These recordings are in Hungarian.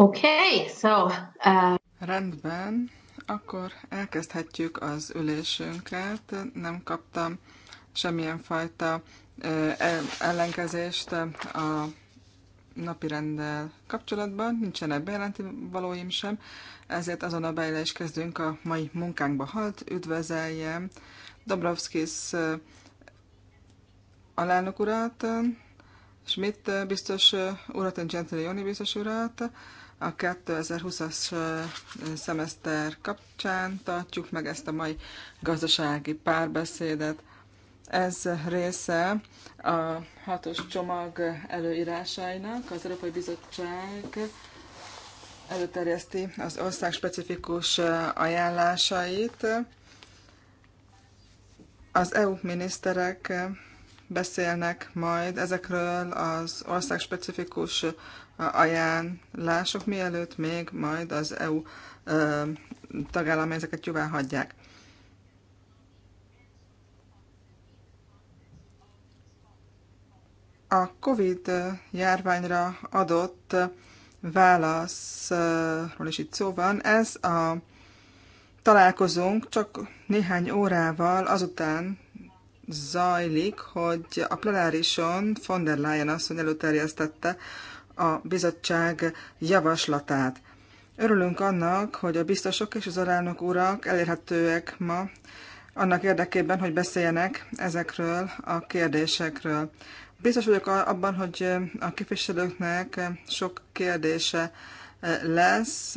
Okay, so... Uh... Rendben, akkor elkezdhetjük az ülésünket. Nem kaptam semmilyen fajta ellenkezést a napi rendel kapcsolatban, nincsenek bejelenti valóim sem, ezért azon a is kezdünk a mai munkánkba. Halt üdvözeljem Dobrovskis alelnök urat, Schmidt biztos urat, Joni biztos urat, a 2020-as szemeszter kapcsán tartjuk meg ezt a mai gazdasági párbeszédet. Ez része a hatos csomag előírásainak. Az Európai Bizottság előterjeszti az ország specifikus ajánlásait. Az EU miniszterek beszélnek majd ezekről az ország specifikus ajánlások, mielőtt még majd az EU tagállamai ezeket jóvá hagyják. a COVID járványra adott válaszról is itt szó van. Ez a találkozónk csak néhány órával azután zajlik, hogy a plenárison von der Leyen asszony előterjesztette a bizottság javaslatát. Örülünk annak, hogy a biztosok és az alelnök urak elérhetőek ma annak érdekében, hogy beszéljenek ezekről a kérdésekről. Biztos vagyok abban, hogy a képviselőknek sok kérdése eh, lesz.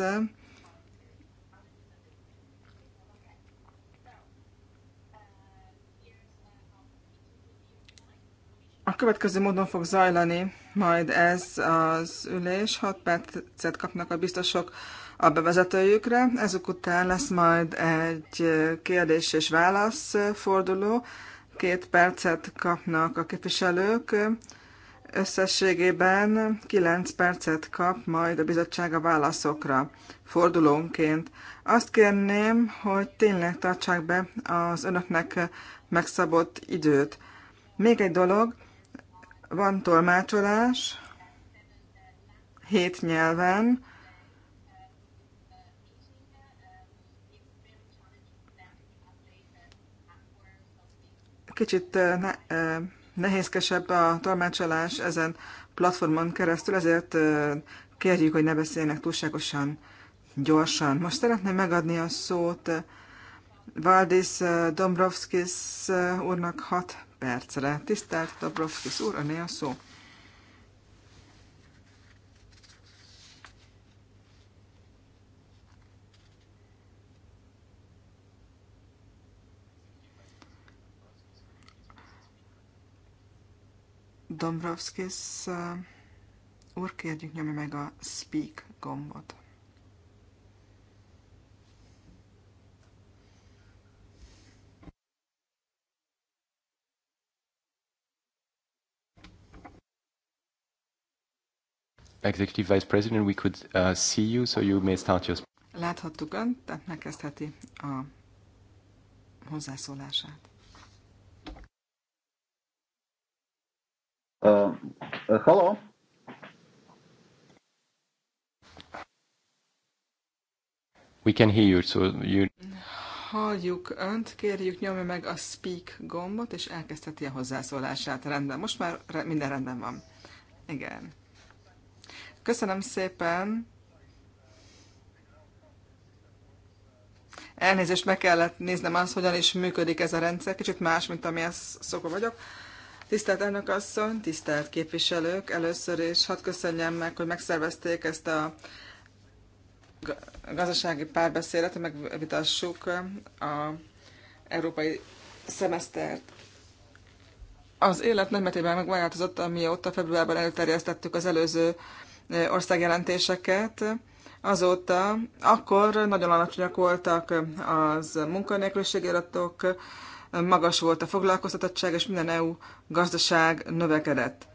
A következő módon fog zajlani majd ez az ülés. 6 percet kapnak a biztosok a bevezetőjükre. Ezek után lesz majd egy kérdés és válasz forduló. Két percet kapnak a képviselők. Összességében 9 percet kap majd a bizottság a válaszokra fordulónként. Azt kérném, hogy tényleg tartsák be az önöknek megszabott időt. Még egy dolog, van tolmácsolás hét nyelven. Kicsit ne, nehézkesebb a tolmácsolás ezen platformon keresztül, ezért kérjük, hogy ne beszéljenek túlságosan gyorsan. Most szeretném megadni a szót Valdis Dombrovskis úrnak 6 percre. Tisztelt Dabrowski úr, öné a szó. Dombrovskis eh, úr, kérjük nyomja meg a speak gombot. Executive Vice President, we could uh, see you, so you may start your... Láthattuk Önt, tehát megkezdheti a hozzászólását. Uh, uh, hello. We can hear you, so you... Halljuk Önt, kérjük nyomja meg a speak gombot, és elkezdheti a hozzászólását. Rendben, most már re minden rendben van. Igen. Köszönöm szépen! Elnézést, meg kellett néznem azt, hogyan is működik ez a rendszer. Kicsit más, mint amihez szokva vagyok. Tisztelt elnök asszony, tisztelt képviselők, először is hadd köszönjem meg, hogy megszervezték ezt a gazdasági párbeszédet, hogy megvitassuk a európai szemesztert. Az élet nagymetében megváltozott, amióta februárban előterjesztettük az előző országjelentéseket. Azóta akkor nagyon alacsonyak voltak az munkanélküliségi adatok, magas volt a foglalkoztatottság, és minden EU gazdaság növekedett.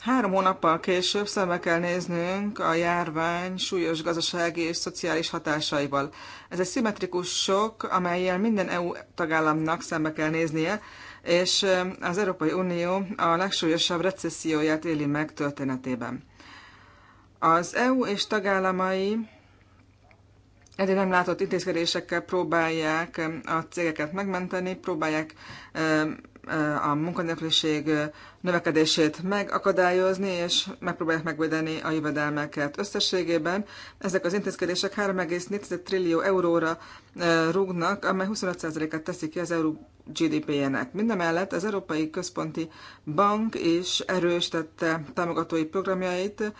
Három hónappal később szembe kell néznünk a járvány súlyos gazdasági és szociális hatásaival. Ez egy szimmetrikus sok, amelyel minden EU tagállamnak szembe kell néznie, és az Európai Unió a legsúlyosabb recesszióját éli meg történetében. Az EU és tagállamai eddig nem látott intézkedésekkel próbálják a cégeket megmenteni, próbálják e, a munkanélküliség növekedését megakadályozni, és megpróbálják megvédeni a jövedelmeket. Összességében ezek az intézkedések 3,4 trillió euróra e, rúgnak, amely 25%-át teszik ki az EU GDP-jének. Mindemellett az Európai Központi Bank is erősítette támogatói programjait,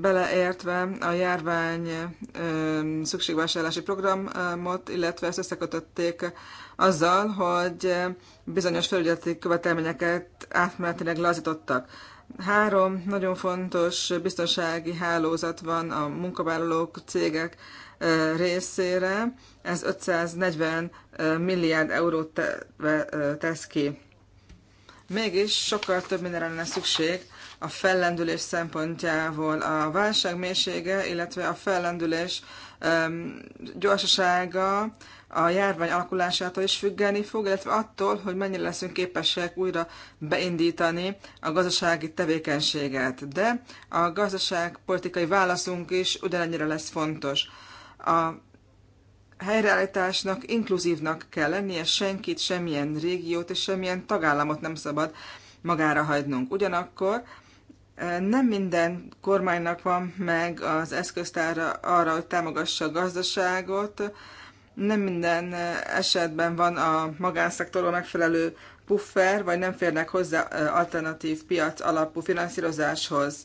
beleértve a járvány szükségvásárlási programot, illetve ezt összekötötték azzal, hogy bizonyos felügyeleti követelményeket átmenetileg lazítottak. Három nagyon fontos biztonsági hálózat van a munkavállalók, cégek részére. Ez 540 milliárd eurót tesz ki. Mégis sokkal több mindenre lenne szükség a fellendülés szempontjából a válság mélysége, illetve a fellendülés gyorsasága a járvány alakulásától is függeni fog, illetve attól, hogy mennyire leszünk képesek újra beindítani a gazdasági tevékenységet. De a gazdaságpolitikai válaszunk is ugyanennyire lesz fontos. A helyreállításnak inkluzívnak kell lennie, senkit, semmilyen régiót és semmilyen tagállamot nem szabad magára hagynunk. Ugyanakkor nem minden kormánynak van meg az eszköztára arra, hogy támogassa a gazdaságot, nem minden esetben van a magánszektorban megfelelő puffer, vagy nem férnek hozzá alternatív piac alapú finanszírozáshoz.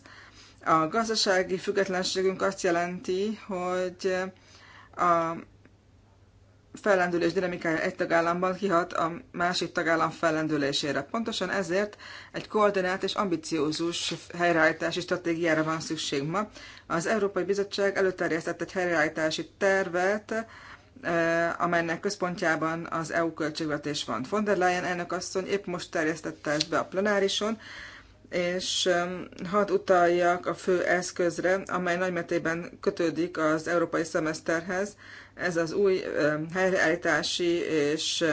A gazdasági függetlenségünk azt jelenti, hogy a fellendülés dinamikája egy tagállamban kihat a másik tagállam fellendülésére. Pontosan ezért egy koordinált és ambiciózus helyreállítási stratégiára van szükség ma. Az Európai Bizottság előterjesztett egy helyreállítási tervet, eh, amelynek központjában az EU költségvetés van. Von der Leyen elnök asszony épp most terjesztette ezt be a plenárison, és hadd utaljak a fő eszközre, amely nagymetében kötődik az európai szemeszterhez, ez az új helyreállítási és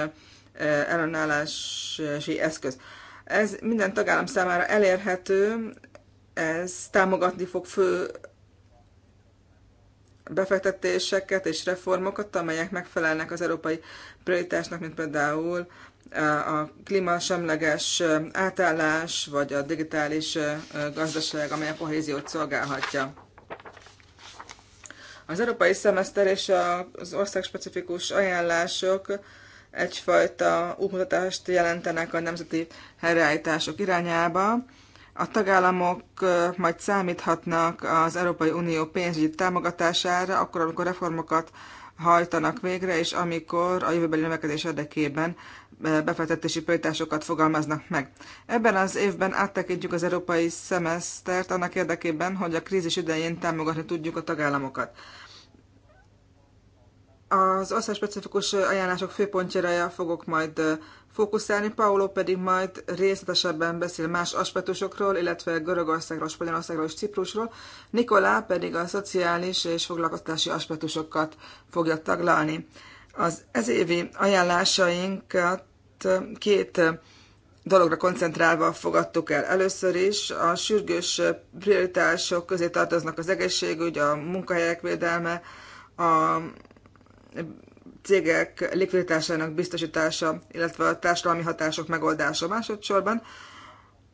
ellenállási eszköz. Ez minden tagállam számára elérhető, ez támogatni fog fő befektetéseket és reformokat, amelyek megfelelnek az európai prioritásnak, mint például a klímasemleges átállás, vagy a digitális gazdaság, amely a kohéziót szolgálhatja. Az európai szemeszter és az országspecifikus ajánlások egyfajta útmutatást jelentenek a nemzeti helyreállítások irányába. A tagállamok majd számíthatnak az Európai Unió pénzügyi támogatására, akkor, amikor reformokat hajtanak végre, és amikor a jövőbeli növekedés érdekében e, befektetési prioritásokat fogalmaznak meg. Ebben az évben áttekintjük az európai szemesztert annak érdekében, hogy a krízis idején támogatni tudjuk a tagállamokat. Az specifikus ajánlások főpontjára fogok majd fókuszálni, Paulo pedig majd részletesebben beszél más aspektusokról, illetve Görögországról, Spanyolországról és Ciprusról, Nikolá pedig a szociális és foglalkoztatási aspektusokat fogja taglalni. Az ez évi ajánlásainkat két dologra koncentrálva fogadtuk el. Először is a sürgős prioritások közé tartoznak az egészségügy, a munkahelyek védelme, a cégek likviditásának biztosítása, illetve a társadalmi hatások megoldása másodszorban.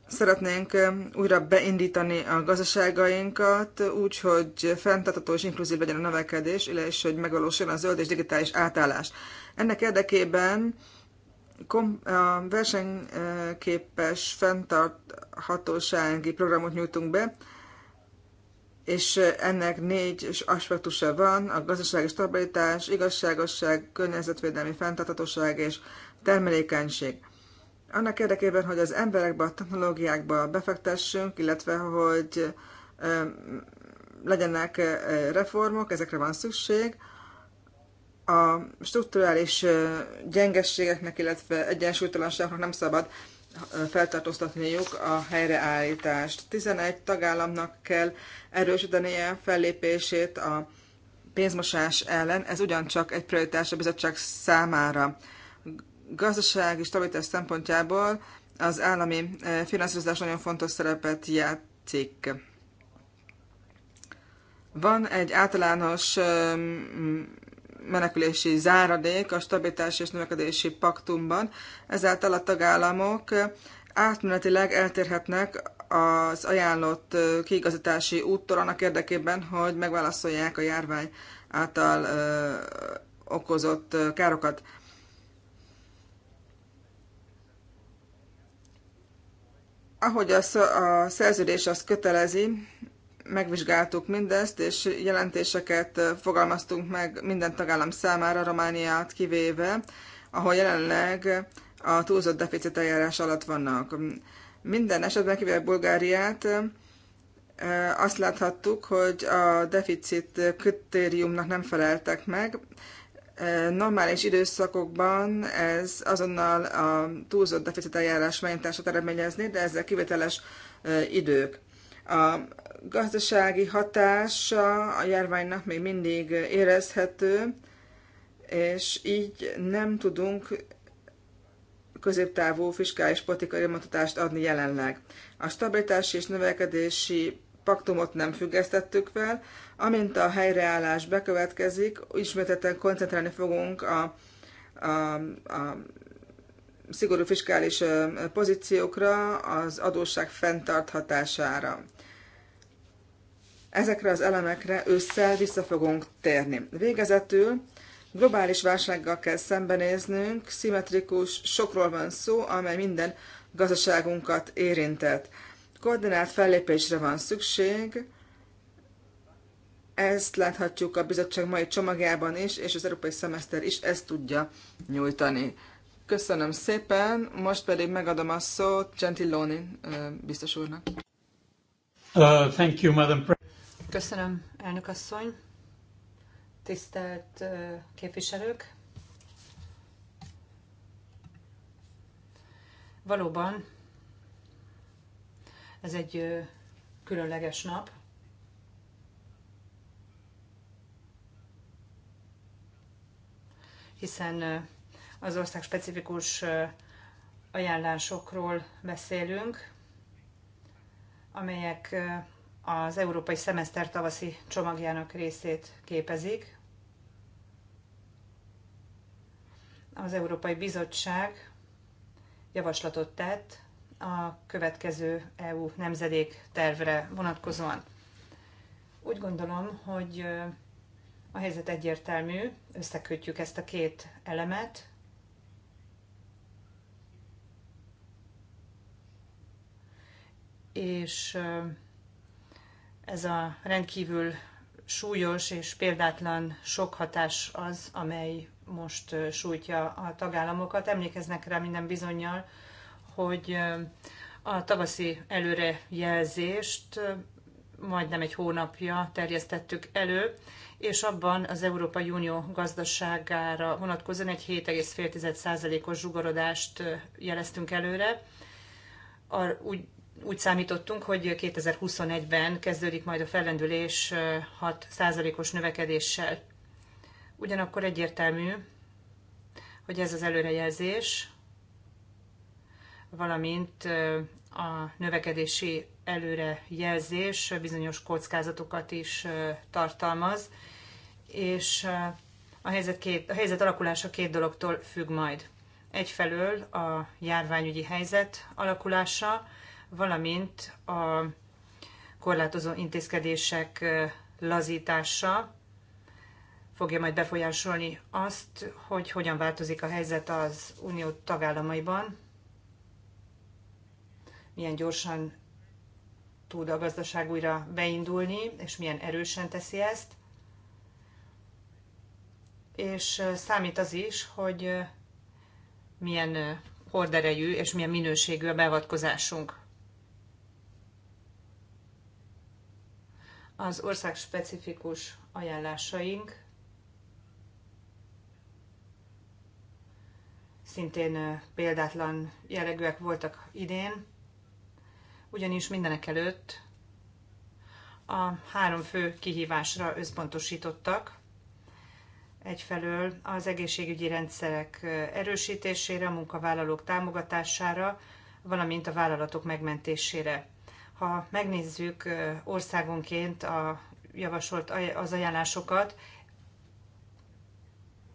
Szeretnénk eh, újra beindítani a gazdaságainkat úgy, hogy fenntartható és inkluzív legyen a növekedés, is, hogy megvalósuljon a zöld és digitális átállás. Ennek érdekében a versenyképes fenntarthatósági programot nyújtunk be, és ennek négy aspektusa van, a gazdasági stabilitás, igazságosság, környezetvédelmi fenntarthatóság és termelékenység. Annak érdekében, hogy az emberekbe, a technológiákba befektessünk, illetve hogy legyenek reformok, ezekre van szükség. A strukturális gyengességeknek, illetve egyensúlytalanságnak nem szabad feltartóztatniuk a helyreállítást. 11 tagállamnak kell erősítenie fellépését a pénzmosás ellen, ez ugyancsak egy prioritás a bizottság számára. Gazdasági stabilitás szempontjából az állami eh, finanszírozás nagyon fontos szerepet játszik. Van egy általános menekülési záradék a stabilitási és növekedési paktumban, ezáltal a tagállamok átmenetileg eltérhetnek az ajánlott kiigazítási úttól annak érdekében, hogy megválaszolják a járvány által ö, okozott károkat. Ahogy az, a szerződés azt kötelezi, megvizsgáltuk mindezt, és jelentéseket fogalmaztunk meg minden tagállam számára, Romániát kivéve, ahol jelenleg a túlzott deficit eljárás alatt vannak. Minden esetben, kivéve Bulgáriát, azt láthattuk, hogy a deficit kritériumnak nem feleltek meg. Normális időszakokban ez azonnal a túlzott deficit eljárás megnyitását eredményezni, de ezzel kivételes idők. A gazdasági hatása a járványnak még mindig érezhető, és így nem tudunk középtávú fiskális politikai mutatást adni jelenleg. A stabilitási és növekedési paktumot nem függesztettük fel, amint a helyreállás bekövetkezik, ismételten koncentrálni fogunk a, a, a szigorú fiskális pozíciókra, az adósság fenntarthatására. Ezekre az elemekre ősszel vissza fogunk térni. Végezetül globális válsággal kell szembenéznünk, szimmetrikus sokról van szó, amely minden gazdaságunkat érintett. Koordinált fellépésre van szükség, ezt láthatjuk a bizottság mai csomagjában is, és az európai szemeszter is ezt tudja nyújtani. Köszönöm szépen, most pedig megadom a szót Gentiloni biztos úrnak. Uh, thank you, Madam President. Köszönöm, elnök asszony. Tisztelt képviselők! Valóban ez egy különleges nap. Hiszen az ország specifikus ajánlásokról beszélünk, amelyek az európai szemeszter tavaszi csomagjának részét képezik. Az Európai Bizottság javaslatot tett a következő EU nemzedék tervre vonatkozóan. Úgy gondolom, hogy a helyzet egyértelmű, összekötjük ezt a két elemet. És ez a rendkívül súlyos és példátlan sok hatás az, amely most sújtja a tagállamokat. Emlékeznek rá minden bizonyal, hogy a tavaszi előrejelzést majdnem egy hónapja terjesztettük elő, és abban az Európai Unió gazdaságára vonatkozóan egy 7,5%-os zsugorodást jeleztünk előre. A, úgy úgy számítottunk, hogy 2021-ben kezdődik majd a fellendülés 6%-os növekedéssel. Ugyanakkor egyértelmű, hogy ez az előrejelzés, valamint a növekedési előrejelzés bizonyos kockázatokat is tartalmaz, és a helyzet, két, a helyzet alakulása két dologtól függ majd. Egyfelől a járványügyi helyzet alakulása, valamint a korlátozó intézkedések lazítása fogja majd befolyásolni azt, hogy hogyan változik a helyzet az unió tagállamaiban, milyen gyorsan tud a gazdaság újra beindulni, és milyen erősen teszi ezt. És számít az is, hogy milyen horderejű és milyen minőségű a beavatkozásunk. az ország specifikus ajánlásaink szintén példátlan jellegűek voltak idén, ugyanis mindenek előtt a három fő kihívásra összpontosítottak. Egyfelől az egészségügyi rendszerek erősítésére, a munkavállalók támogatására, valamint a vállalatok megmentésére ha megnézzük országonként a javasolt az ajánlásokat,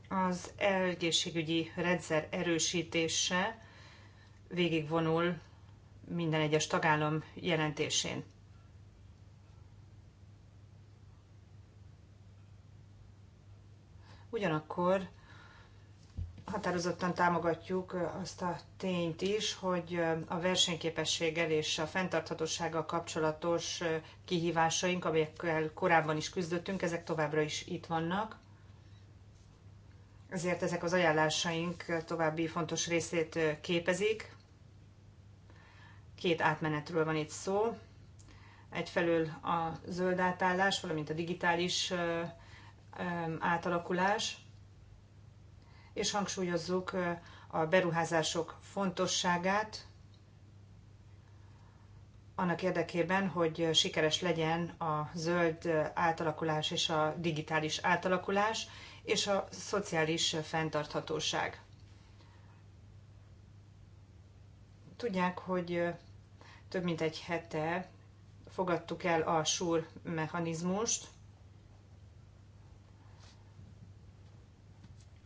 az egészségügyi rendszer erősítése végigvonul minden egyes tagállam jelentésén. Ugyanakkor határozottan támogatjuk azt a tényt is, hogy a versenyképességgel és a fenntarthatósággal kapcsolatos kihívásaink, amelyekkel korábban is küzdöttünk, ezek továbbra is itt vannak. Ezért ezek az ajánlásaink további fontos részét képezik. Két átmenetről van itt szó. Egyfelől a zöld átállás, valamint a digitális átalakulás – és hangsúlyozzuk a beruházások fontosságát annak érdekében, hogy sikeres legyen a zöld átalakulás és a digitális átalakulás, és a szociális fenntarthatóság. Tudják, hogy több mint egy hete fogadtuk el a SUR mechanizmust,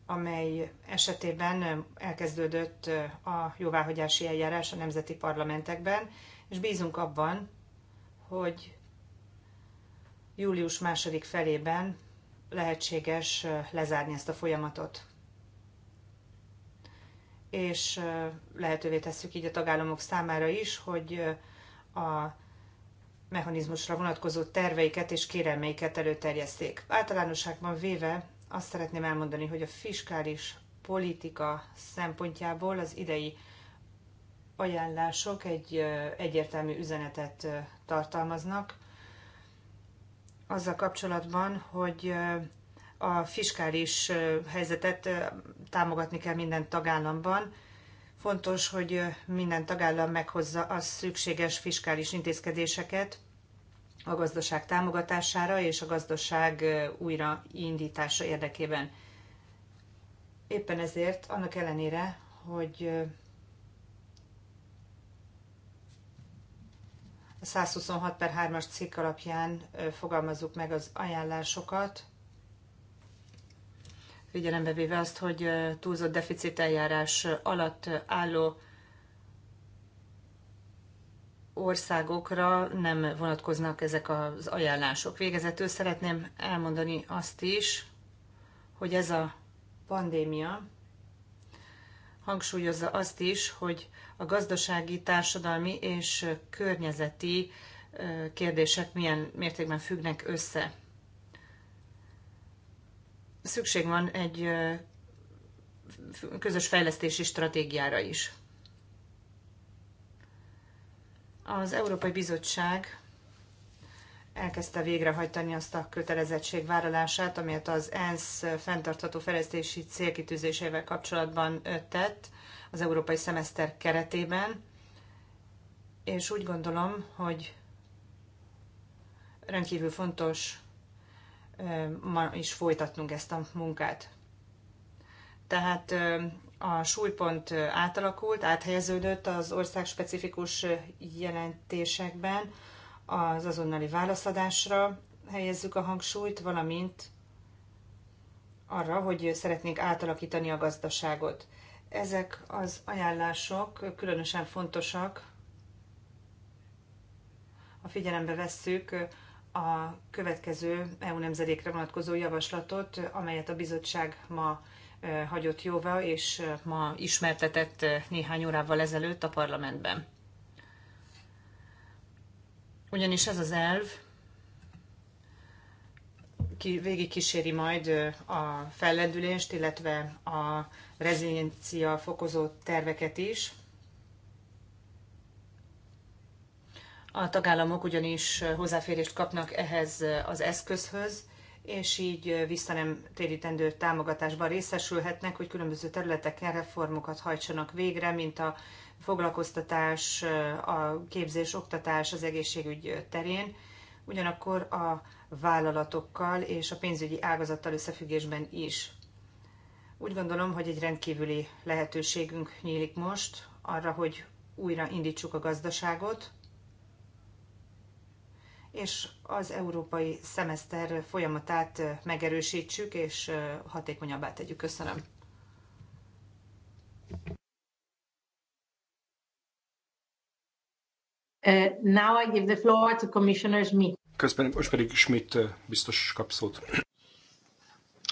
amely esetében elkezdődött a jóváhagyási eljárás a nemzeti parlamentekben, és bízunk abban, hogy július második felében lehetséges lezárni ezt a folyamatot. És lehetővé tesszük így a tagállamok számára is, hogy a mechanizmusra vonatkozó terveiket és kérelmeiket előterjeszték. Általánosságban véve azt szeretném elmondani, hogy a fiskális politika szempontjából az idei ajánlások egy egyértelmű üzenetet tartalmaznak azzal kapcsolatban, hogy a fiskális helyzetet támogatni kell minden tagállamban. Fontos, hogy minden tagállam meghozza a szükséges fiskális intézkedéseket, a gazdaság támogatására és a gazdaság újraindítása érdekében. Éppen ezért, annak ellenére, hogy 126 per 3-as cikk alapján fogalmazzuk meg az ajánlásokat, figyelembe véve azt, hogy túlzott deficiteljárás alatt álló országokra nem vonatkoznak ezek az ajánlások. Végezetül szeretném elmondani azt is, hogy ez a pandémia hangsúlyozza azt is, hogy a gazdasági, társadalmi és környezeti kérdések milyen mértékben függnek össze. Szükség van egy közös fejlesztési stratégiára is. Az Európai Bizottság elkezdte végrehajtani azt a vállalását, amelyet az ENSZ fenntartható fejlesztési célkitűzésével kapcsolatban tett az európai szemeszter keretében, és úgy gondolom, hogy rendkívül fontos ma is folytatnunk ezt a munkát. Tehát a súlypont átalakult, áthelyeződött az ország specifikus jelentésekben, az azonnali válaszadásra helyezzük a hangsúlyt, valamint arra, hogy szeretnénk átalakítani a gazdaságot. Ezek az ajánlások különösen fontosak, A figyelembe vesszük a következő EU nemzedékre vonatkozó javaslatot, amelyet a bizottság ma hagyott jóvá, és ma ismertetett néhány órával ezelőtt a parlamentben. Ugyanis ez az elv ki, végig kíséri majd a fellendülést, illetve a reziliencia fokozó terveket is. A tagállamok ugyanis hozzáférést kapnak ehhez az eszközhöz, és így vissza nem térítendő támogatásban részesülhetnek, hogy különböző területeken reformokat hajtsanak végre, mint a foglalkoztatás, a képzés, oktatás, az egészségügy terén. Ugyanakkor a vállalatokkal és a pénzügyi ágazattal összefüggésben is. Úgy gondolom, hogy egy rendkívüli lehetőségünk nyílik most arra, hogy újra indítsuk a gazdaságot, és az európai szemeszter folyamatát megerősítsük és hatékonyabbá tegyük. Köszönöm. Uh, now I give the floor to Commissioner Schmidt. Közben most pedig Schmidt biztos kap szót.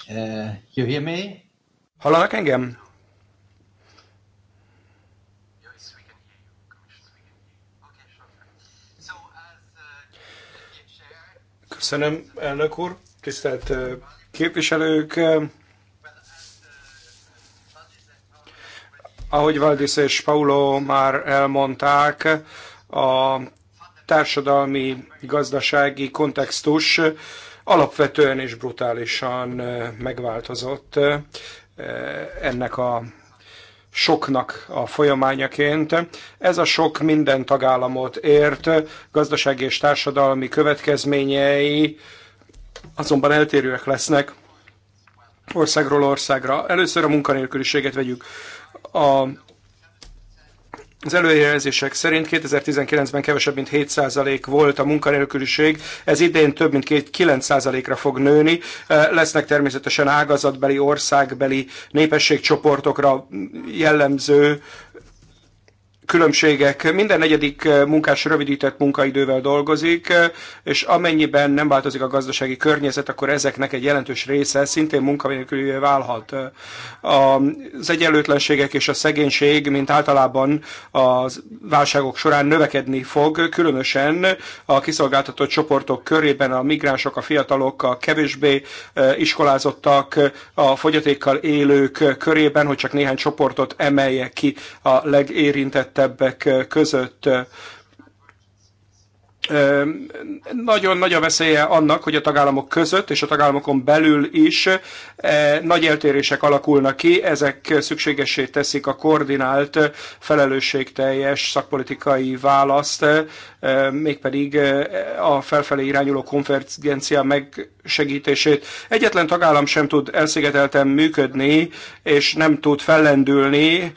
Uh, you hear me? Hallanak engem? Köszönöm, elnök úr, tisztelt képviselők. Ahogy Valdis és Paulo már elmondták, a társadalmi, gazdasági kontextus alapvetően és brutálisan megváltozott ennek a soknak a folyamányaként. Ez a sok minden tagállamot ért, gazdasági és társadalmi következményei azonban eltérőek lesznek országról országra. Először a munkanélküliséget vegyük. A az előjelzések szerint 2019-ben kevesebb mint 7% volt a munkanélküliség, ez idén több mint 9%-ra fog nőni. E, lesznek természetesen ágazatbeli, országbeli népességcsoportokra jellemző különbségek. Minden negyedik eh, munkás rövidített munkaidővel dolgozik, eh, és amennyiben nem változik a gazdasági környezet, akkor ezeknek egy jelentős része szintén munkanélkülővé válhat. Eh, az egyenlőtlenségek és a szegénység, mint általában a válságok során növekedni fog, különösen a kiszolgáltatott csoportok körében a migránsok, a fiatalok, a kevésbé iskolázottak, a fogyatékkal élők körében, hogy csak néhány csoportot emelje ki a legérintett érintettebbek között nagyon nagy a veszélye annak, hogy a tagállamok között és a tagállamokon belül is nagy eltérések alakulnak ki, ezek szükségessé teszik a koordinált, felelősségteljes szakpolitikai választ, mégpedig a felfelé irányuló konvergencia megsegítését. Egyetlen tagállam sem tud elszigetelten működni, és nem tud fellendülni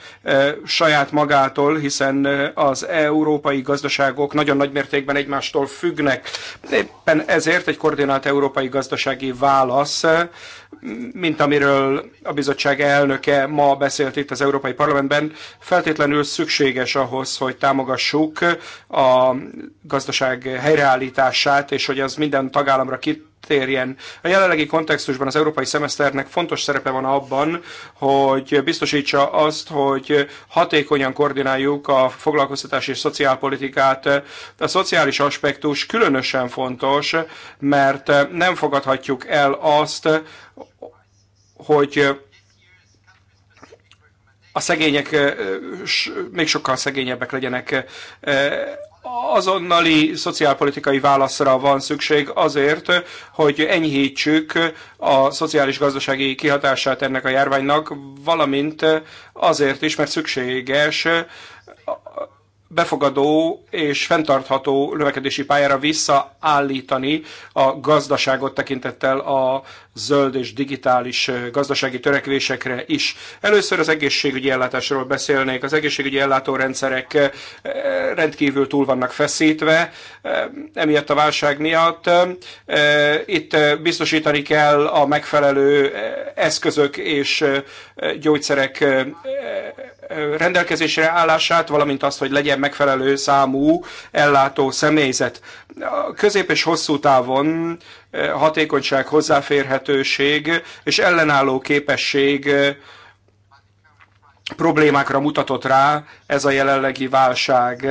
saját magától, hiszen az európai gazdaságok nagyon nagy mértékben egymás egymástól függnek. Éppen ezért egy koordinált európai gazdasági válasz, mint amiről a bizottság elnöke ma beszélt itt az Európai Parlamentben, feltétlenül szükséges ahhoz, hogy támogassuk a gazdaság helyreállítását, és hogy az minden tagállamra kit térjen. A jelenlegi kontextusban az európai szemeszternek fontos szerepe van abban, hogy biztosítsa azt, hogy hatékonyan koordináljuk a foglalkoztatási és szociálpolitikát. A szociális aspektus különösen fontos, mert nem fogadhatjuk el azt, hogy a szegények még sokkal szegényebbek legyenek azonnali szociálpolitikai válaszra van szükség azért, hogy enyhítsük a szociális-gazdasági kihatását ennek a járványnak, valamint azért is, mert szükséges befogadó és fenntartható növekedési pályára visszaállítani a gazdaságot tekintettel a zöld és digitális gazdasági törekvésekre is. Először az egészségügyi ellátásról beszélnék. Az egészségügyi ellátórendszerek rendkívül túl vannak feszítve, emiatt a válság miatt. Itt biztosítani kell a megfelelő eszközök és gyógyszerek rendelkezésre állását, valamint azt, hogy legyen megfelelő számú ellátó személyzet. A közép és hosszú távon hatékonyság, hozzáférhetőség és ellenálló képesség problémákra mutatott rá ez a jelenlegi válság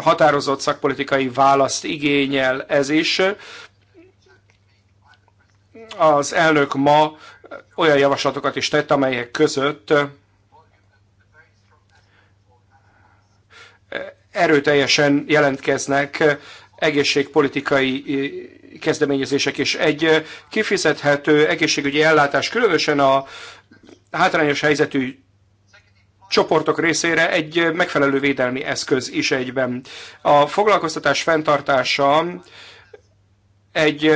határozott szakpolitikai választ igényel ez is. Az elnök ma olyan javaslatokat is tett, amelyek között erőteljesen jelentkeznek egészségpolitikai kezdeményezések, és egy kifizethető egészségügyi ellátás, különösen a hátrányos helyzetű csoportok részére egy megfelelő védelmi eszköz is egyben. A foglalkoztatás fenntartása egy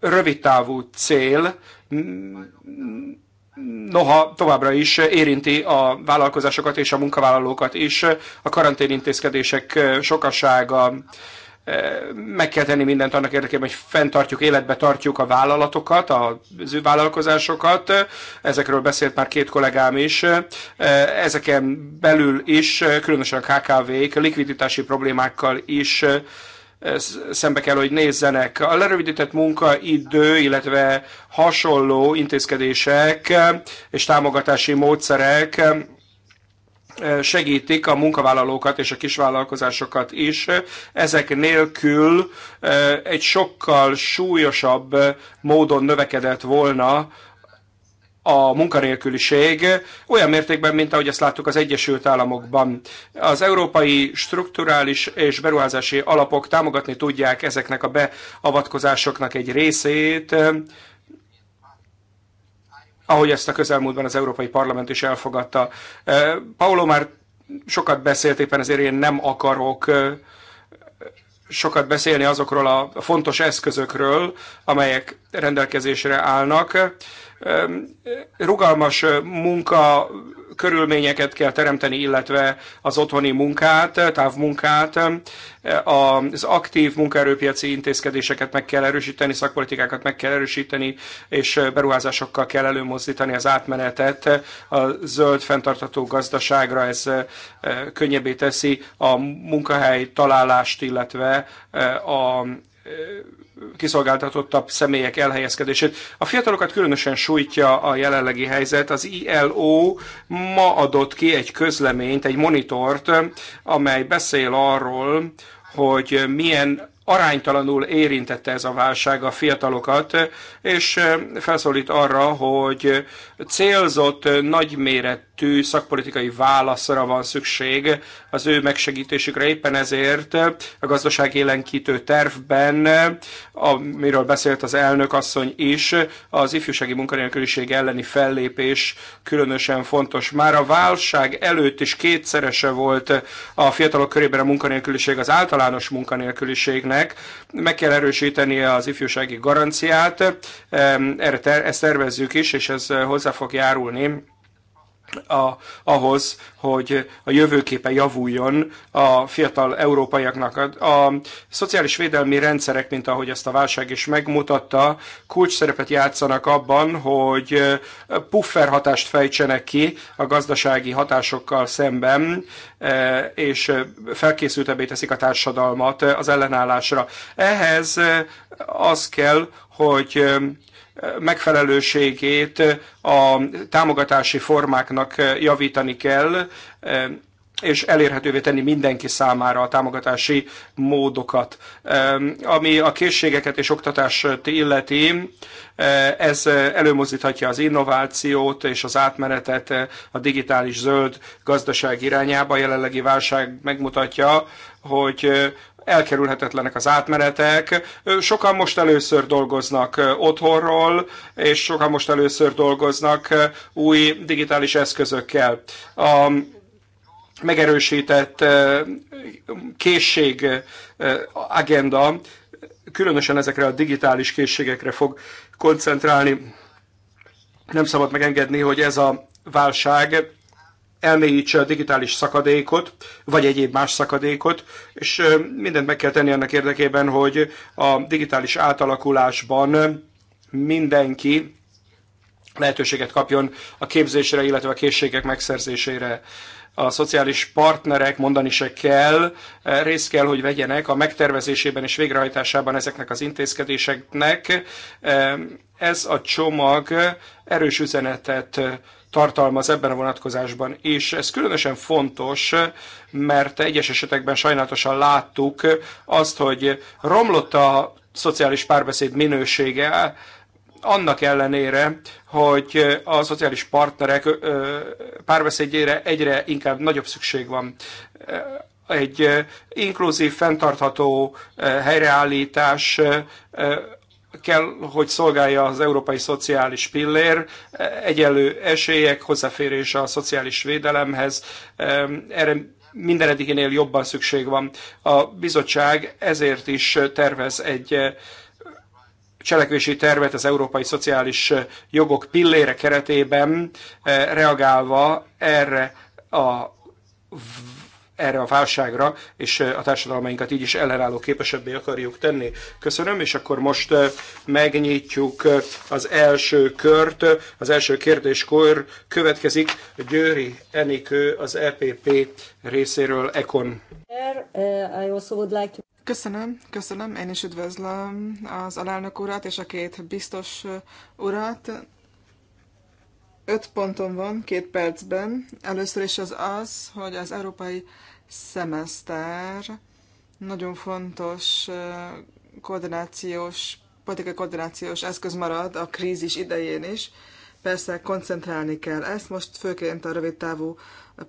rövidtávú cél, noha továbbra is érinti a vállalkozásokat és a munkavállalókat is, a karanténintézkedések sokasága, meg kell tenni mindent annak érdekében, hogy fenntartjuk, életbe tartjuk a vállalatokat, az ő vállalkozásokat. Ezekről beszélt már két kollégám is. Ezeken belül is, különösen a KKV-k likviditási problémákkal is szembe kell, hogy nézzenek. A lerövidített munkaidő, illetve hasonló intézkedések és támogatási módszerek segítik a munkavállalókat és a kisvállalkozásokat is. Ezek nélkül egy sokkal súlyosabb módon növekedett volna a munkanélküliség olyan mértékben, mint ahogy ezt láttuk az Egyesült Államokban. Az európai strukturális és beruházási alapok támogatni tudják ezeknek a beavatkozásoknak egy részét, ahogy ezt a közelmúltban az Európai Parlament is elfogadta. Paolo már sokat beszélt, éppen ezért én nem akarok sokat beszélni azokról a fontos eszközökről, amelyek rendelkezésre állnak. Rugalmas munka körülményeket kell teremteni, illetve az otthoni munkát, távmunkát, az aktív munkaerőpiaci intézkedéseket meg kell erősíteni, szakpolitikákat meg kell erősíteni, és beruházásokkal kell előmozdítani az átmenetet a zöld fenntartató gazdaságra. Ez e, könnyebbé teszi a munkahely találást, illetve e, a e, kiszolgáltatottabb személyek elhelyezkedését. A fiatalokat különösen sújtja a jelenlegi helyzet. Az ILO ma adott ki egy közleményt, egy monitort, amely beszél arról, hogy milyen aránytalanul érintette ez a válság a fiatalokat, és felszólít arra, hogy célzott, nagyméretű szakpolitikai válaszra van szükség az ő megsegítésükre. Éppen ezért a gazdaság élenkítő tervben, amiről beszélt az elnök asszony is, az ifjúsági munkanélküliség elleni fellépés különösen fontos. Már a válság előtt is kétszerese volt a fiatalok körében a munkanélküliség az általános munkanélküliségnek, meg kell erősíteni az ifjúsági garanciát, erre ter- ezt tervezzük is, és ez eh, hozzá fog járulni a, ahhoz, hogy a jövőképe javuljon a fiatal európaiaknak. A, a szociális védelmi rendszerek, mint ahogy ezt a válság is megmutatta, kulcs szerepet játszanak abban, hogy puffer hatást fejtsenek ki a gazdasági hatásokkal szemben, e, és felkészültebbé teszik a társadalmat az ellenállásra. Ehhez az kell, hogy megfelelőségét a támogatási formáknak javítani kell, és elérhetővé tenni mindenki számára a támogatási módokat. Ami a készségeket és oktatást illeti, ez előmozdíthatja az innovációt és az átmenetet a digitális zöld gazdaság irányába. A jelenlegi válság megmutatja, hogy elkerülhetetlenek az átmenetek. Sokan most először dolgoznak otthonról, és sokan most először dolgoznak új digitális eszközökkel. A megerősített készség agenda különösen ezekre a digitális készségekre fog koncentrálni. Nem szabad megengedni, hogy ez a válság elmélyítse a digitális szakadékot, vagy egyéb más szakadékot, és mindent meg kell tenni annak érdekében, hogy a digitális átalakulásban mindenki lehetőséget kapjon a képzésre, illetve a készségek megszerzésére. A szociális partnerek, mondani se kell, részt kell, hogy vegyenek a megtervezésében és végrehajtásában ezeknek az intézkedéseknek. Ez a csomag erős üzenetet tartalmaz ebben a vonatkozásban, és ez különösen fontos, mert egyes esetekben sajnálatosan láttuk azt, hogy romlott a szociális párbeszéd minősége, annak ellenére, hogy a szociális partnerek párbeszédjére egyre inkább nagyobb szükség van. Egy inkluzív, fenntartható helyreállítás kell, hogy szolgálja az európai szociális pillér, egyenlő esélyek, hozzáférés a szociális védelemhez, erre minden eddiginél jobban szükség van. A bizottság ezért is tervez egy eh, cselekvési tervet az európai szociális eh, jogok pillére keretében, eh, reagálva erre a erre a válságra, és a társadalmainkat így is ellenálló képesebbé akarjuk tenni. Köszönöm, és akkor most megnyitjuk az első kört. Az első kérdéskor következik Győri Enikő az EPP részéről Ekon. Köszönöm, köszönöm. Én is üdvözlöm az alelnök urat és a két biztos urat. Öt pontom van két percben. Először is az az, hogy az európai szemeszter nagyon fontos koordinációs, politikai koordinációs eszköz marad a krízis idején is. Persze koncentrálni kell ezt, most főként a rövidtávú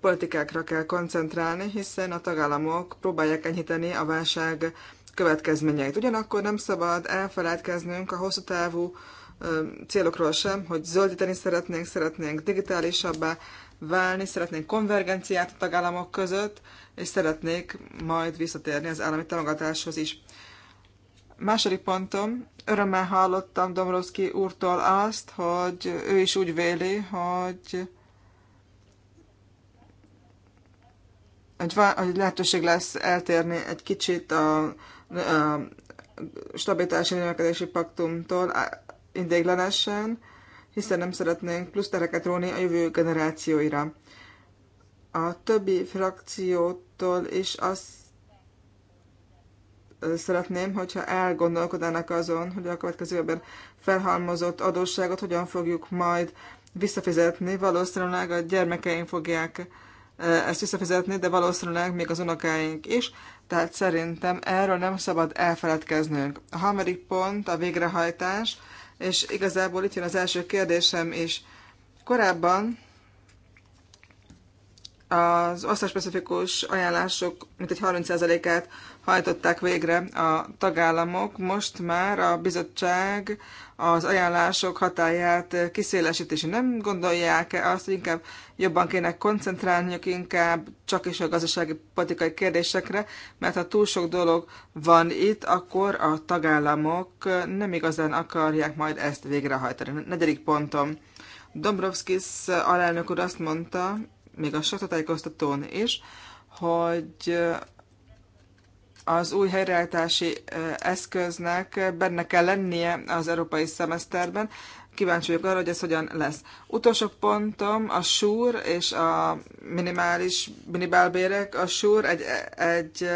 politikákra kell koncentrálni, hiszen a tagállamok próbálják enyhíteni a válság következményeit. Ugyanakkor nem szabad elfelejtkeznünk a hosszú távú célokról sem, hogy zöldíteni szeretnénk, szeretnénk digitálisabbá válni, szeretnénk konvergenciát a tagállamok között, és szeretnék majd visszatérni az állami támogatáshoz is. Második pontom, örömmel hallottam Domrovszki úrtól azt, hogy ő is úgy véli, hogy hogy, hogy lehetőség lesz eltérni egy kicsit a, a stabilitási növekedési paktumtól idéglenesen, hiszen nem szeretnénk plusz tereket róni a jövő generációira a többi frakciótól is azt szeretném, hogyha elgondolkodnának azon, hogy a következő évben felhalmozott adósságot hogyan fogjuk majd visszafizetni. Valószínűleg a gyermekeink fogják ezt visszafizetni, de valószínűleg még az unokáink is, tehát szerintem erről nem szabad elfeledkeznünk. A harmadik pont a végrehajtás, és igazából itt jön az első kérdésem is. Korábban az országspecifikus ajánlások mintegy 30%-át hajtották végre a tagállamok. Most már a bizottság az ajánlások hatáját kiszélesítési nem gondolják-e azt, hogy inkább jobban kéne koncentrálniuk inkább csak is a gazdasági politikai kérdésekre, mert ha túl sok dolog van itt, akkor a tagállamok nem igazán akarják majd ezt végrehajtani. Negyedik pontom. Dombrovskis alelnök úr azt mondta, még a sajtótájékoztatón is, hogy az új helyreállítási eszköznek benne kell lennie az európai szemeszterben. Kíváncsi vagyok arra, hogy ez hogyan lesz. Utolsó pontom a súr és a minimális minibálbérek. A súr egy, egy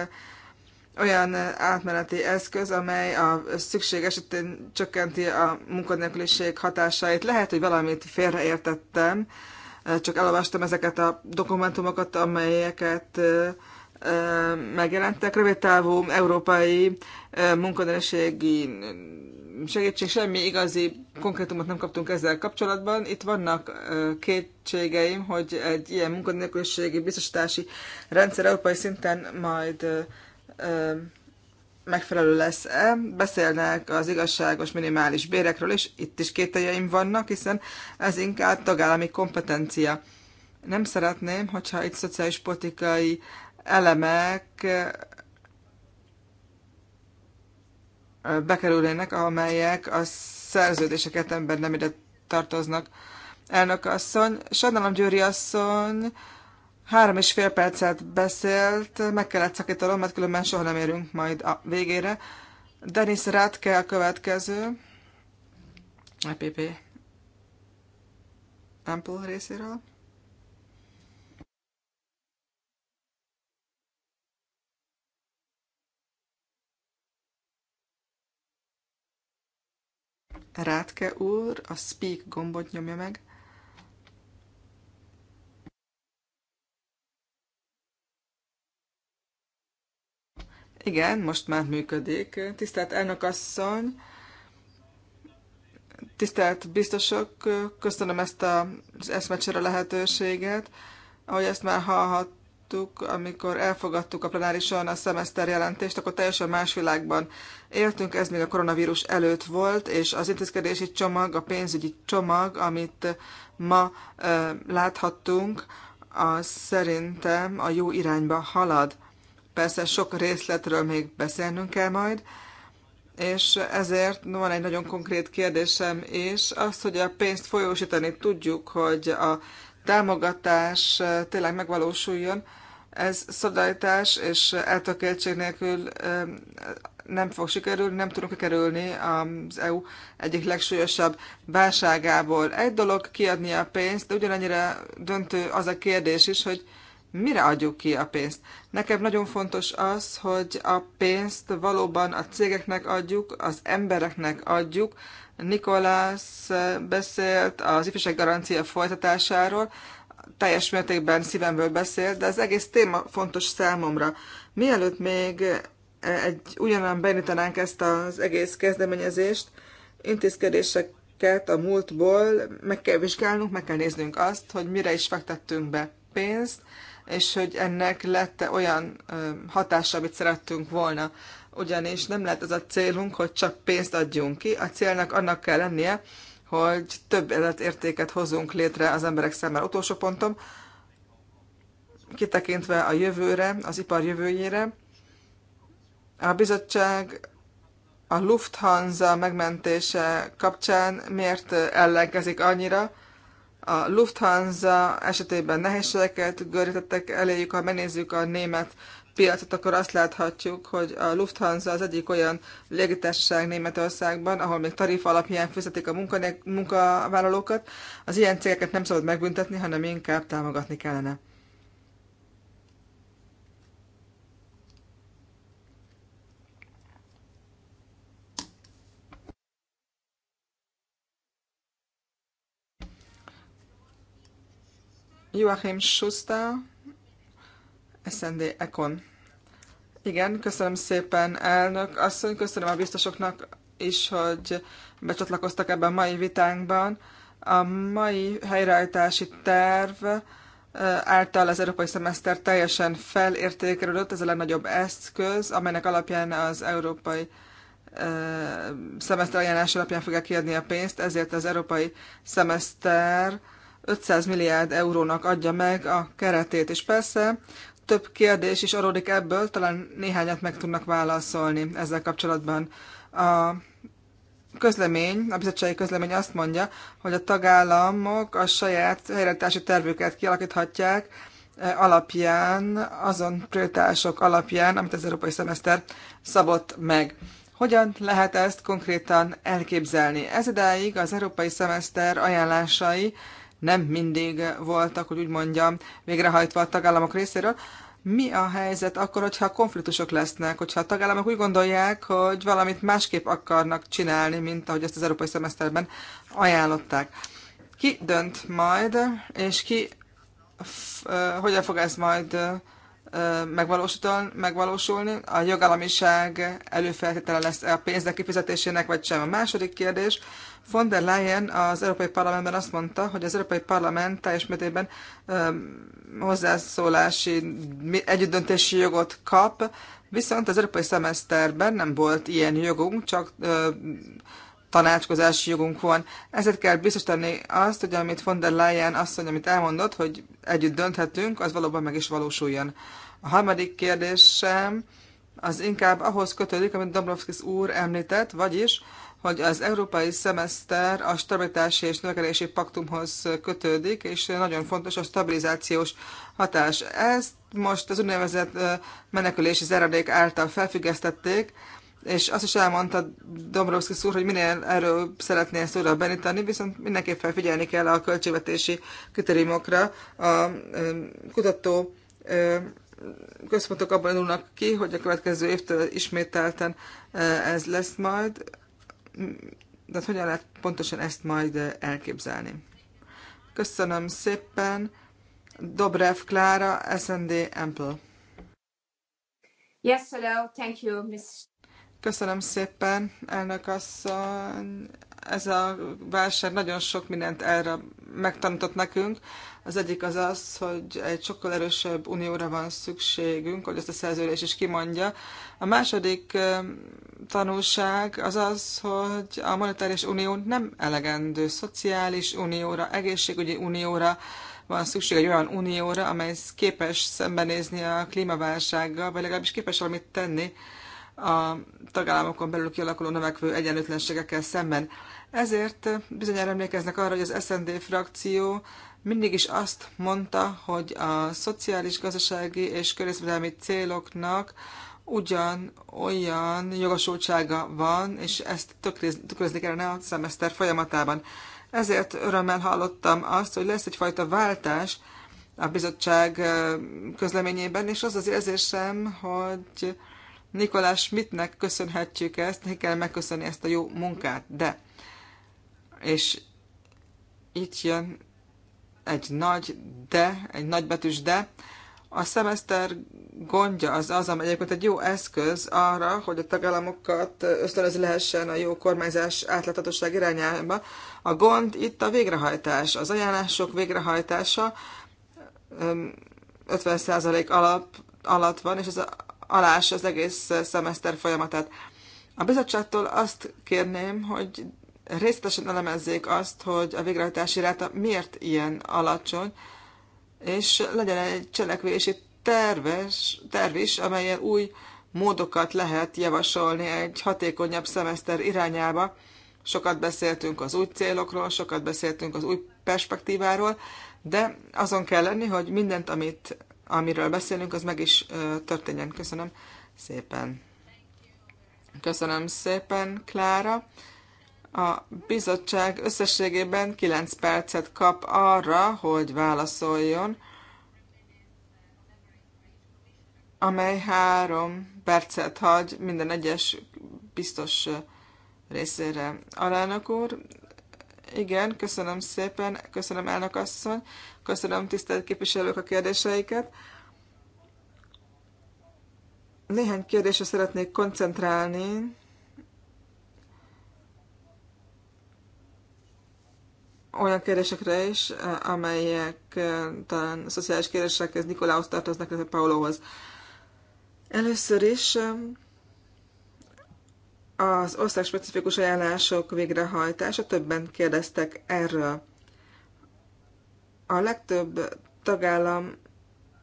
olyan átmeneti eszköz, amely a szükség esetén csökkenti a munkanélküliség hatásait. Lehet, hogy valamit félreértettem, csak elolvastam ezeket a dokumentumokat, amelyeket megjelentek. Rövidtávú európai munkadereségi segítség, semmi igazi konkrétumot nem kaptunk ezzel kapcsolatban. Itt vannak kétségeim, hogy egy ilyen munkanélküliségi biztosítási rendszer európai szinten majd megfelelő lesz-e. Beszélnek az igazságos minimális bérekről, és itt is kételjeim vannak, hiszen ez inkább tagállami kompetencia. Nem szeretném, hogyha itt szociális politikai elemek bekerülnének, amelyek a szerződéseket ember nem ide tartoznak. Elnök asszony, sajnálom Győri asszony, Három és fél percet beszélt, meg kellett szakítanom, mert különben soha nem érünk majd a végére. Denis Rátke a következő. EPP. Ample részéről. Rátke úr a speak gombot nyomja meg. Igen, most már működik. Tisztelt asszony, tisztelt biztosok, köszönöm ezt a, az eszmecsere lehetőséget. Ahogy ezt már hallhattuk, amikor elfogadtuk a plenárison a szemeszter jelentést, akkor teljesen más világban éltünk, ez még a koronavírus előtt volt, és az intézkedési csomag, a pénzügyi csomag, amit ma e, láthattunk, az szerintem a jó irányba halad Persze sok részletről még beszélnünk kell majd, és ezért van egy nagyon konkrét kérdésem is, az, hogy a pénzt folyósítani tudjuk, hogy a támogatás tényleg megvalósuljon, ez szolidaritás és eltökéltség nélkül nem fog sikerülni, nem tudunk kerülni az EU egyik legsúlyosabb válságából. Egy dolog kiadni a pénzt, de ugyanannyira döntő az a kérdés is, hogy mire adjuk ki a pénzt. Nekem nagyon fontos az, hogy a pénzt valóban a cégeknek adjuk, az embereknek adjuk. Nikolás beszélt az ifjúság garancia folytatásáról, teljes mértékben szívemből beszélt, de az egész téma fontos számomra. Mielőtt még egy ugyanán beindítanánk ezt az egész kezdeményezést, intézkedéseket a múltból meg kell vizsgálnunk, meg kell néznünk azt, hogy mire is fektettünk be pénzt, és hogy ennek lett olyan hatása, amit szerettünk volna. Ugyanis nem lehet az a célunk, hogy csak pénzt adjunk ki, a célnak annak kell lennie, hogy több életértéket hozunk létre az emberek számára. Utolsó pontom, kitekintve a jövőre, az ipar jövőjére, a bizottság a Lufthansa megmentése kapcsán miért ellenkezik annyira, a Lufthansa esetében nehézségeket görítettek eléjük, ha megnézzük a német piacot, akkor azt láthatjuk, hogy a Lufthansa az egyik olyan légitársaság Németországban, ahol még tarif alapján fizetik a munkavállalókat. Az ilyen cégeket nem szabad megbüntetni, hanem inkább támogatni kellene. Joachim Schuster, SND Econ. Igen, köszönöm szépen elnök asszony, köszönöm a biztosoknak is, hogy becsatlakoztak ebben a mai vitánkban. A mai helyreállítási terv által az európai szemeszter teljesen felértékelődött, ez a legnagyobb eszköz, amelynek alapján az európai szemeszter ajánlás alapján fogják kiadni a pénzt, ezért az európai szemeszter 500 milliárd eurónak adja meg a keretét, és persze több kérdés is adódik ebből, talán néhányat meg tudnak válaszolni ezzel kapcsolatban. A közlemény, a bizottsági közlemény azt mondja, hogy a tagállamok a saját helyreállítási tervüket kialakíthatják eh, alapján, azon prioritások alapján, amit az európai szemeszter szabott meg. Hogyan lehet ezt konkrétan elképzelni? Ez idáig az európai szemeszter ajánlásai nem mindig voltak, hogy úgy mondjam, végrehajtva a tagállamok részéről. Mi a helyzet akkor, hogyha konfliktusok lesznek, hogyha a tagállamok úgy gondolják, hogy valamit másképp akarnak csinálni, mint ahogy ezt az európai szemeszterben ajánlották? Ki dönt majd, és ki hogyan fog ez majd megvalósulni? A jogállamiság előfeltétele lesz -e a pénznek kifizetésének, vagy sem? A második kérdés, Von der Leyen az Európai Parlamentben azt mondta, hogy az Európai Parlament teljes mértékben hozzászólási együttdöntési jogot kap, viszont az Európai Szemeszterben nem volt ilyen jogunk, csak ö, tanácskozási jogunk van. Ezért kell biztosítani azt, hogy amit von der Leyen mondja, amit elmondott, hogy együtt dönthetünk, az valóban meg is valósuljon. A harmadik kérdésem az inkább ahhoz kötődik, amit Dombrovskis úr említett, vagyis, hogy az európai szemeszter a stabilitási és növekedési paktumhoz kötődik, és nagyon fontos a stabilizációs hatás. Ezt most az úgynevezett menekülési zeradék által felfüggesztették, és azt is elmondta Dombrovszki szúr, hogy minél erről szeretné ezt újra benítani, viszont mindenképpen figyelni kell a költségvetési kritériumokra. A kutató központok abban indulnak ki, hogy a következő évtől ismételten ez lesz majd de hát hogyan lehet pontosan ezt majd elképzelni. Köszönöm szépen. Dobrev Klára, SND Ample. Yes, hello, thank you, Miss. Köszönöm szépen, elnök asszony, ez a válság nagyon sok mindent erre megtanított nekünk. Az egyik az az, hogy egy sokkal erősebb unióra van szükségünk, hogy ezt a szerződés is kimondja. A második tanulság az az, hogy a monetáris unió nem elegendő. Szociális unióra, egészségügyi unióra van szükség egy olyan unióra, amely képes szembenézni a klímaválsággal, vagy legalábbis képes valamit tenni a tagállamokon belül kialakuló növekvő egyenlőtlenségekkel szemben. Ezért bizonyára emlékeznek arra, hogy az SND frakció mindig is azt mondta, hogy a szociális, gazdasági és környezetvédelmi céloknak ugyan olyan jogosultsága van, és ezt tükrözni kellene a szemeszter folyamatában. Ezért örömmel hallottam azt, hogy lesz egyfajta váltás a bizottság közleményében, és az az érzésem, hogy Nikolás Mitnek köszönhetjük ezt, neki kell megköszönni ezt a jó munkát, de és itt jön egy nagy de, egy nagybetűs de, a szemeszter gondja az az, amely egyébként egy jó eszköz arra, hogy a tagállamokat ösztönözni lehessen a jó kormányzás átláthatóság irányába. A gond itt a végrehajtás, az ajánlások végrehajtása 50% alap, alatt van, és ez alás az egész szemeszter folyamatát. A bizottságtól azt kérném, hogy részletesen elemezzék azt, hogy a végrehajtási ráta miért ilyen alacsony, és legyen egy cselekvési terves, terv is, amelyen új módokat lehet javasolni egy hatékonyabb szemeszter irányába. Sokat beszéltünk az új célokról, sokat beszéltünk az új perspektíváról, de azon kell lenni, hogy mindent, amit, amiről beszélünk, az meg is történjen. Köszönöm szépen. Köszönöm szépen, Klára. A bizottság összességében 9 percet kap arra, hogy válaszoljon, amely három percet hagy minden egyes biztos részére. Alelnök úr, igen, köszönöm szépen, köszönöm elnök asszony, köszönöm tisztelt képviselők a kérdéseiket. Néhány kérdésre szeretnék koncentrálni, olyan kérdésekre is, eh, amelyek eh, talán szociális kérdésekhez, Nikolához tartoznak, illetve Paulóhoz. Először is eh, az specifikus ajánlások végrehajtása, többen kérdeztek erről. A legtöbb tagállam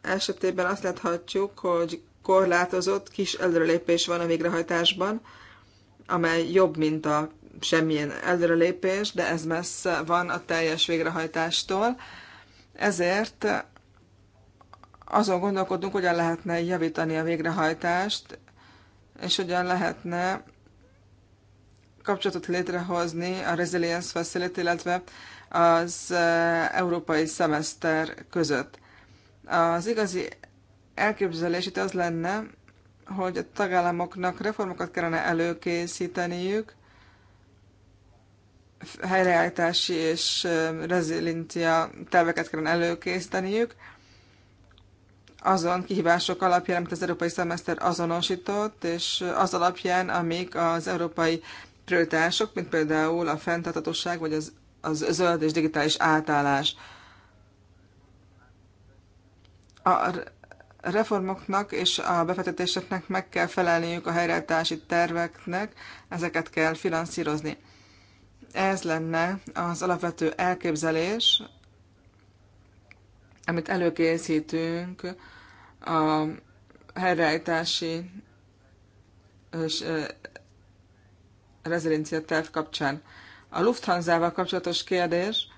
esetében azt láthatjuk, hogy korlátozott kis előrelépés van a végrehajtásban, amely jobb, mint a semmilyen előrelépés, de ez messze van a teljes végrehajtástól. Ezért azon gondolkodunk, hogyan lehetne javítani a végrehajtást, és hogyan lehetne kapcsolatot létrehozni a Resilience Facility, illetve az eh, európai szemeszter között. Az igazi elképzelés itt az lenne, hogy a tagállamoknak reformokat kellene előkészíteniük, helyreállítási és rezilincia terveket kellene előkészíteniük, azon kihívások alapján, amit az európai szemeszter azonosított, és az alapján, amik az európai prioritások, mint például a fenntartatóság, vagy az, az zöld és digitális átállás. A reformoknak és a befektetéseknek meg kell felelniük a helyreállítási terveknek, ezeket kell finanszírozni ez lenne az alapvető elképzelés, amit előkészítünk a helyreállítási és rezidencia terv kapcsán. A Lufthansa-val kapcsolatos kérdés.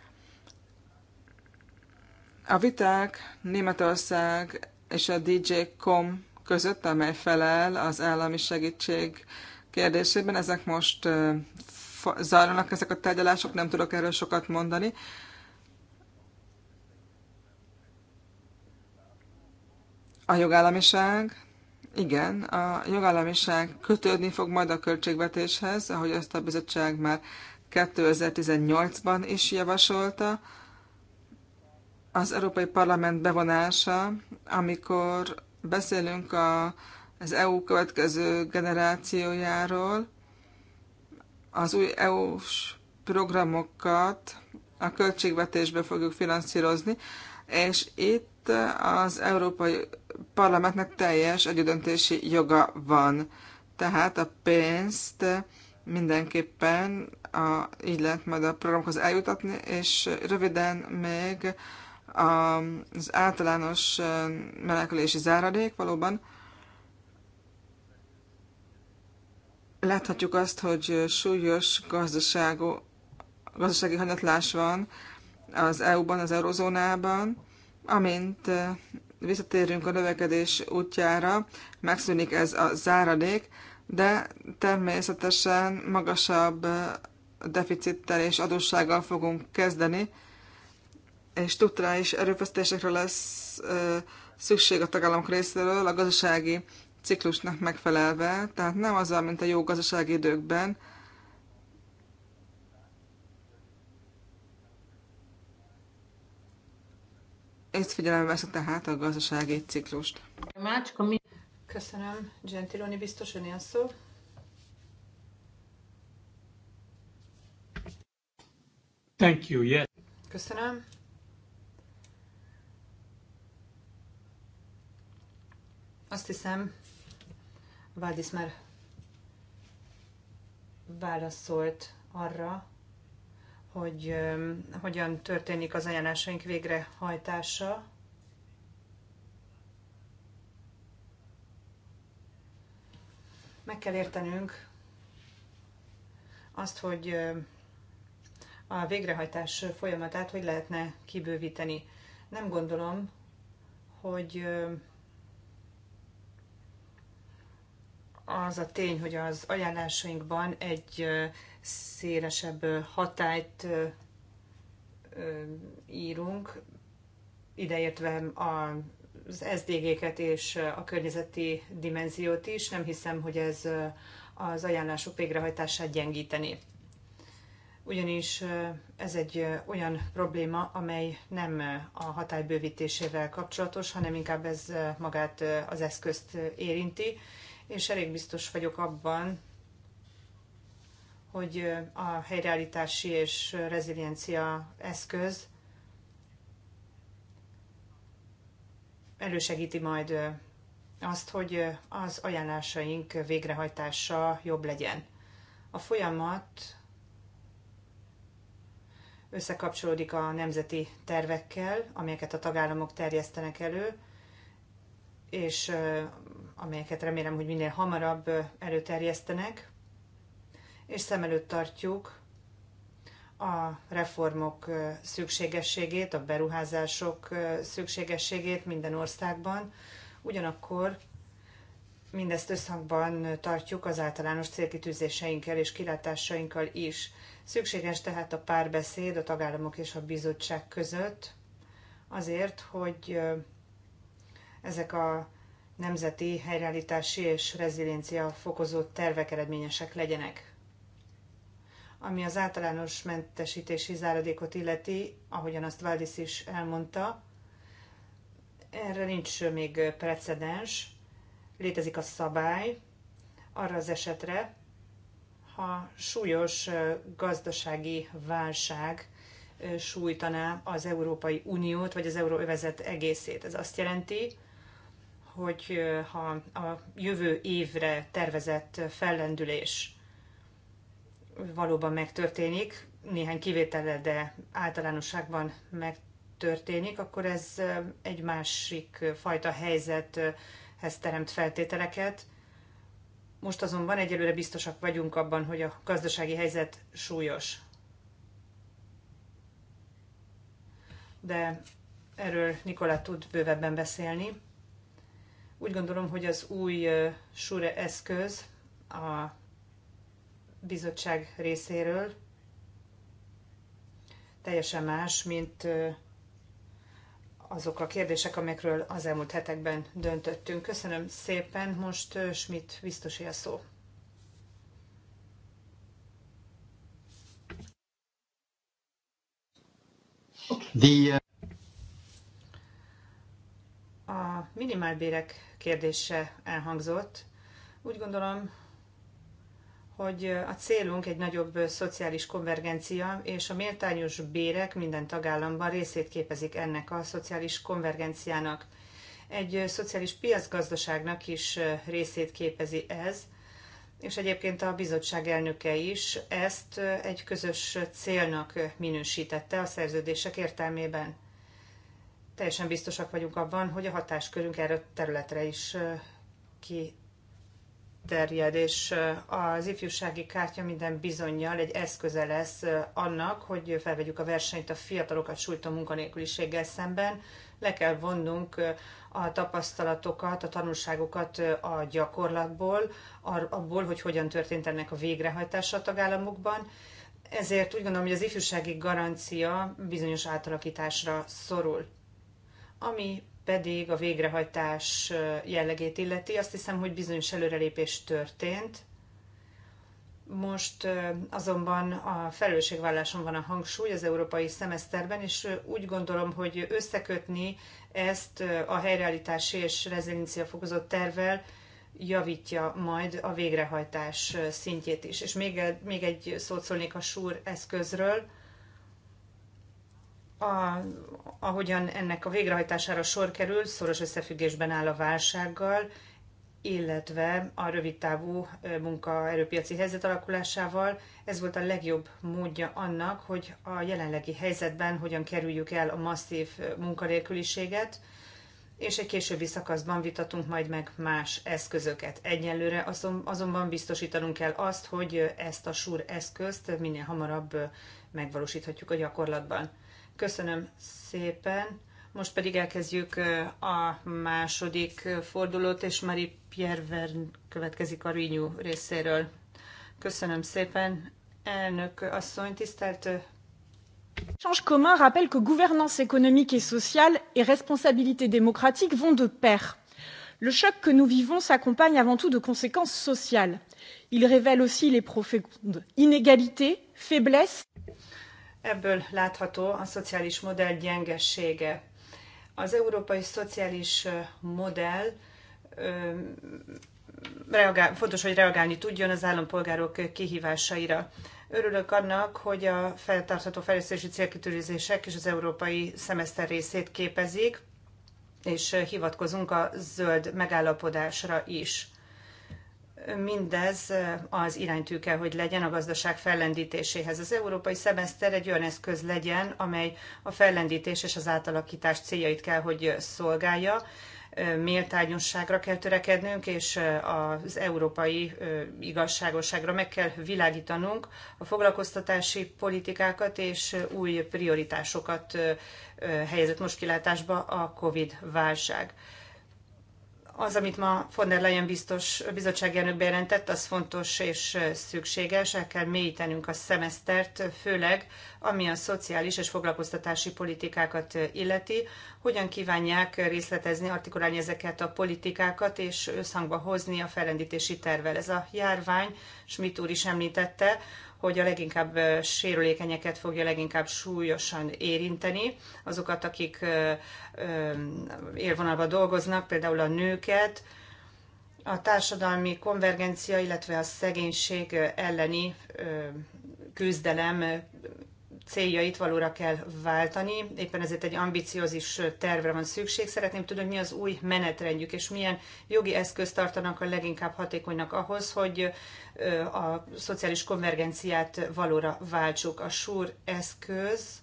A viták Németország és a DJ.com között, amely felel az állami segítség kérdésében, ezek most zajlanak ezek a tárgyalások, nem tudok erről sokat mondani. A jogállamiság, igen, a jogállamiság kötődni fog majd a költségvetéshez, ahogy azt a bizottság már 2018-ban is javasolta. Az Európai Parlament bevonása, amikor beszélünk a, az EU következő generációjáról, az új EU-s programokat a költségvetésbe fogjuk finanszírozni, és itt az Európai Parlamentnek teljes egyedöntési joga van. Tehát a pénzt mindenképpen a, így lehet majd a programokhoz eljutatni, és röviden még az általános menekülési záradék valóban Láthatjuk azt, hogy súlyos gazdaságú, gazdasági hanyatlás van az EU-ban, az eurozónában, amint eh, visszatérünk a növekedés útjára, megszűnik ez a záradék, de természetesen magasabb eh, deficittel és adóssággal fogunk kezdeni, és is erőfeszítésekre lesz eh, szükség a tagállamok részéről a gazdasági ciklusnak megfelelve, tehát nem azzal, mint a jó gazdasági időkben, Ezt figyelembe veszek tehát a gazdasági ciklust. Köszönöm, Gentiloni biztos, ön ilyen szó. Thank you, yes. Köszönöm. Azt hiszem, Valdis már válaszolt arra, hogy ö, hogyan történik az ajánlásaink végrehajtása. Meg kell értenünk azt, hogy ö, a végrehajtás folyamatát hogy lehetne kibővíteni. Nem gondolom, hogy ö, az a tény, hogy az ajánlásainkban egy szélesebb hatályt írunk, ideértve az SDG-ket és a környezeti dimenziót is. Nem hiszem, hogy ez az ajánlások végrehajtását gyengíteni. Ugyanis ez egy olyan probléma, amely nem a hatálybővítésével kapcsolatos, hanem inkább ez magát az eszközt érinti, és elég biztos vagyok abban, hogy a helyreállítási és reziliencia eszköz elősegíti majd azt, hogy az ajánlásaink végrehajtása jobb legyen. A folyamat összekapcsolódik a nemzeti tervekkel, amelyeket a tagállamok terjesztenek elő, és amelyeket remélem, hogy minél hamarabb előterjesztenek, és szem előtt tartjuk a reformok szükségességét, a beruházások szükségességét minden országban, ugyanakkor mindezt összhangban tartjuk az általános célkitűzéseinkkel és kilátásainkkal is. Szükséges tehát a párbeszéd a tagállamok és a bizottság között azért, hogy ezek a nemzeti helyreállítási és reziliencia fokozó tervek eredményesek legyenek. Ami az általános mentesítési záradékot illeti, ahogyan azt Valdis is elmondta, erre nincs még precedens, létezik a szabály arra az esetre, ha súlyos gazdasági válság sújtaná az Európai Uniót, vagy az euróövezet egészét. Ez azt jelenti, hogy ha a jövő évre tervezett fellendülés valóban megtörténik, néhány kivétellel, de általánosságban megtörténik, akkor ez egy másik fajta helyzethez teremt feltételeket. Most azonban egyelőre biztosak vagyunk abban, hogy a gazdasági helyzet súlyos. De erről Nikola tud bővebben beszélni. Úgy gondolom, hogy az új SURE eszköz a bizottság részéről teljesen más, mint azok a kérdések, amikről az elmúlt hetekben döntöttünk. Köszönöm szépen, most Schmidt biztosi a szó. The, uh... A minimálbérek kérdése elhangzott. Úgy gondolom, hogy a célunk egy nagyobb szociális konvergencia, és a méltányos bérek minden tagállamban részét képezik ennek a szociális konvergenciának. Egy szociális piacgazdaságnak is részét képezi ez, és egyébként a bizottság elnöke is ezt egy közös célnak minősítette a szerződések értelmében teljesen biztosak vagyunk abban, hogy a hatáskörünk erre a területre is kiterjed, és az ifjúsági kártya minden bizonyal egy eszköze lesz annak, hogy felvegyük a versenyt a fiatalokat sújtó munkanélküliséggel szemben, le kell vonnunk a tapasztalatokat, a tanulságokat a gyakorlatból, abból, hogy hogyan történt ennek a végrehajtása a tagállamokban. Ezért úgy gondolom, hogy az ifjúsági garancia bizonyos átalakításra szorul. Ami pedig a végrehajtás jellegét illeti, azt hiszem, hogy bizonyos előrelépés történt. Most azonban a felelősségválláson van a hangsúly az európai szemeszterben, és úgy gondolom, hogy összekötni ezt a helyreállítási és reziliencia fokozott tervvel javítja majd a végrehajtás szintjét is. És még, még egy szót szólnék a SUR eszközről a, ahogyan ennek a végrehajtására sor kerül, szoros összefüggésben áll a válsággal, illetve a rövidtávú munkaerőpiaci helyzet alakulásával. Ez volt a legjobb módja annak, hogy a jelenlegi helyzetben hogyan kerüljük el a masszív munkanélküliséget, és egy későbbi szakaszban vitatunk majd meg más eszközöket. Egyelőre azonban biztosítanunk kell azt, hogy ezt a SUR eszközt minél hamarabb megvalósíthatjuk a gyakorlatban. Köszönöm szépen. Most pedig elkezdjük a második fordulót, és Mari Pierre vern következik a Renew részéről. Köszönöm szépen, elnök asszony, tisztelt Change commun rappelle que gouvernance économique et sociale et responsabilité démocratique vont de pair. Le choc que nous vivons s'accompagne avant tout de conséquences sociales. Il révèle aussi les profondes inégalités, faiblesses. Ebből látható a szociális modell gyengessége. Az európai szociális modell reagál, fontos, hogy reagálni tudjon az állampolgárok kihívásaira. Örülök annak, hogy a feltartható fejlesztési célkitűzések és az európai szemeszter részét képezik, és hivatkozunk a zöld megállapodásra is mindez az iránytű kell, hogy legyen a gazdaság fellendítéséhez. Az európai szemeszter egy olyan eszköz legyen, amely a fellendítés és az átalakítás céljait kell, hogy szolgálja. Méltányosságra kell törekednünk, és az európai igazságosságra meg kell világítanunk a foglalkoztatási politikákat és új prioritásokat helyezett most kilátásba a COVID-válság az, amit ma von der Leyen biztos bizottsági elnök bejelentett, az fontos és szükséges. El kell mélyítenünk a szemesztert, főleg ami a szociális és foglalkoztatási politikákat illeti. Hogyan kívánják részletezni, artikulálni ezeket a politikákat, és összhangba hozni a felrendítési tervvel. Ez a járvány, Schmidt úr is említette, hogy a leginkább sérülékenyeket fogja leginkább súlyosan érinteni, azokat, akik élvonalban dolgoznak, például a nőket, a társadalmi konvergencia, illetve a szegénység elleni küzdelem céljait valóra kell váltani, éppen ezért egy ambiciózis tervre van szükség. Szeretném tudni, hogy mi az új menetrendjük, és milyen jogi eszközt tartanak a leginkább hatékonynak ahhoz, hogy a szociális konvergenciát valóra váltsuk. A SUR eszköz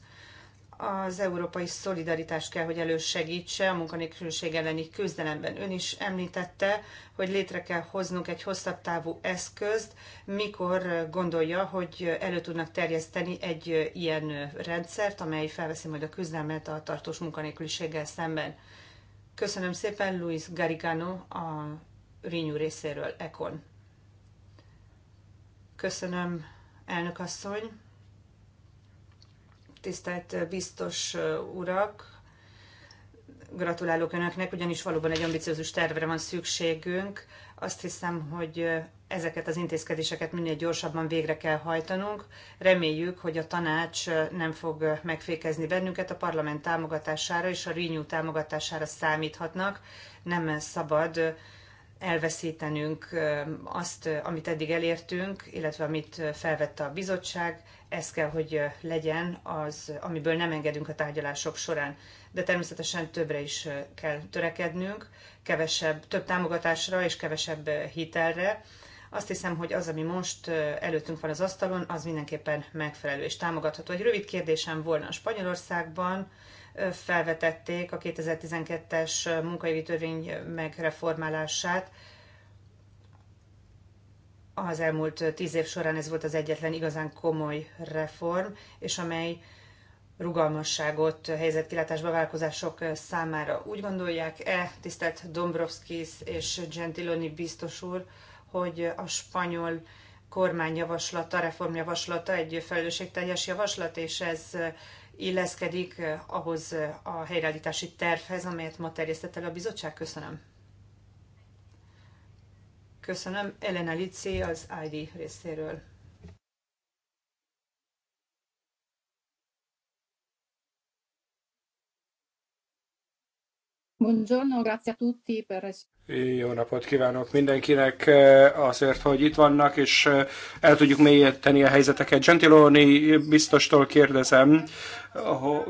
az európai szolidaritás kell, hogy elősegítse a munkanélküliség elleni küzdelemben. Ön is említette, hogy létre kell hoznunk egy hosszabb távú eszközt, mikor gondolja, hogy elő tudnak terjeszteni egy ilyen rendszert, amely felveszi majd a küzdelmet a tartós munkanélküliséggel szemben. Köszönöm szépen, Luis Garigano a Rinyú részéről, Ekon. Köszönöm, elnök asszony tisztelt biztos urak, gratulálok Önöknek, ugyanis valóban egy ambiciózus tervre van szükségünk. Azt hiszem, hogy ezeket az intézkedéseket minél gyorsabban végre kell hajtanunk. Reméljük, hogy a tanács nem fog megfékezni bennünket, a parlament támogatására és a Renew támogatására számíthatnak. Nem szabad elveszítenünk azt, amit eddig elértünk, illetve amit felvette a bizottság ez kell, hogy legyen az, amiből nem engedünk a tárgyalások során. De természetesen többre is kell törekednünk, kevesebb, több támogatásra és kevesebb hitelre. Azt hiszem, hogy az, ami most előttünk van az asztalon, az mindenképpen megfelelő és támogatható. Egy rövid kérdésem volna. A Spanyolországban felvetették a 2012-es munkaévi törvény megreformálását, az elmúlt tíz év során ez volt az egyetlen igazán komoly reform, és amely rugalmasságot helyezett kilátásba vállalkozások számára. Úgy gondolják-e, tisztelt Dombrovskis és Gentiloni biztos úr, hogy a spanyol kormányjavaslata, reformjavaslata egy felelősségteljes javaslat, és ez illeszkedik ahhoz a helyreállítási tervhez, amelyet ma terjesztett el a bizottság? Köszönöm. Köszönöm. Elena Lici az ID részéről. Buongiorno, grazie a tutti per... Jó napot kívánok mindenkinek eh, azért, hogy itt vannak, és eh, el tudjuk mélyíteni a helyzeteket. Gentiloni biztostól kérdezem, eh,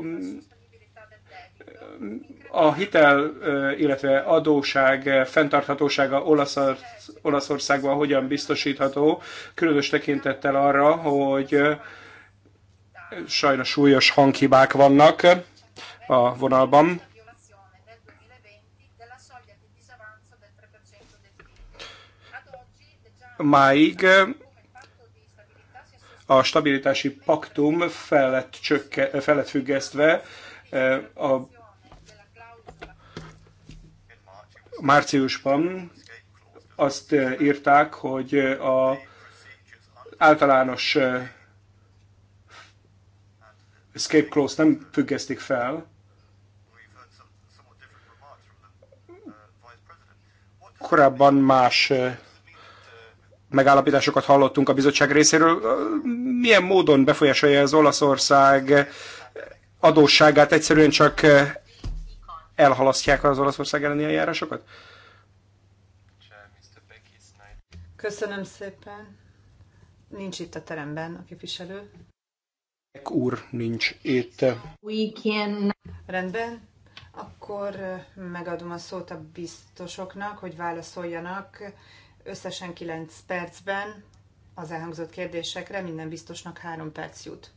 a hitel, illetve adóság fenntarthatósága olasz, Olaszországban hogyan biztosítható, különös tekintettel arra, hogy sajnos súlyos hanghibák vannak a vonalban. Máig a stabilitási paktum fel lett, csökke, fel lett függesztve a márciusban azt eh, írták, hogy eh, a általános eh, escape clause nem függesztik fel. Korábban más megállapításokat hallottunk a bizottság részéről. Milyen módon befolyásolja az Olaszország adósságát egyszerűen csak elhalasztják az Olaszország elleni eljárásokat? Köszönöm szépen. Nincs itt a teremben a képviselő. Ek úr nincs itt. We can... Rendben. Akkor megadom a szót a biztosoknak, hogy válaszoljanak összesen 9 percben az elhangzott kérdésekre. Minden biztosnak 3 perc jut.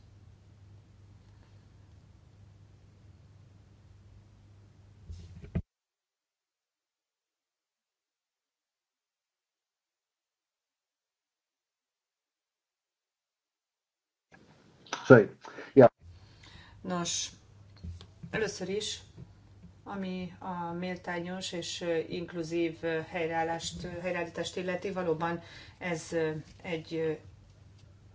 Szóval, ja. Nos, először is, ami a méltányos és inkluzív helyreállást, helyreállítást illeti, valóban ez egy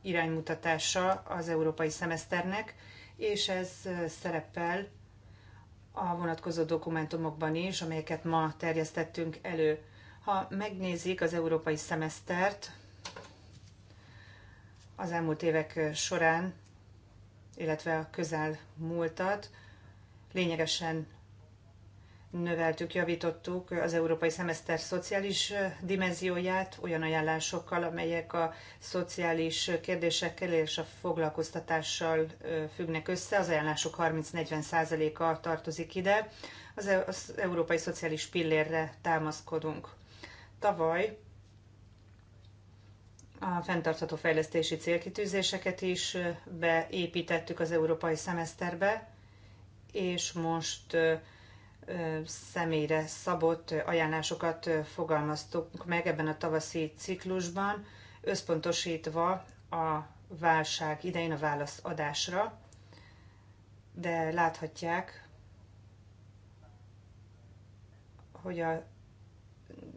iránymutatása az európai szemeszternek, és ez szerepel a vonatkozó dokumentumokban is, amelyeket ma terjesztettünk elő. Ha megnézik az európai szemesztert, az elmúlt évek során illetve a közel múltat. Lényegesen növeltük, javítottuk az európai szemeszter szociális dimenzióját olyan ajánlásokkal, amelyek a szociális kérdésekkel és a foglalkoztatással függnek össze. Az ajánlások 30-40%-a tartozik ide. Az, e-, az európai szociális pillérre támaszkodunk. Tavaly a fenntartható fejlesztési célkitűzéseket is beépítettük az európai szemeszterbe, és most személyre szabott ajánlásokat fogalmaztunk meg ebben a tavaszi ciklusban, összpontosítva a válság idején a válaszadásra, de láthatják, hogy a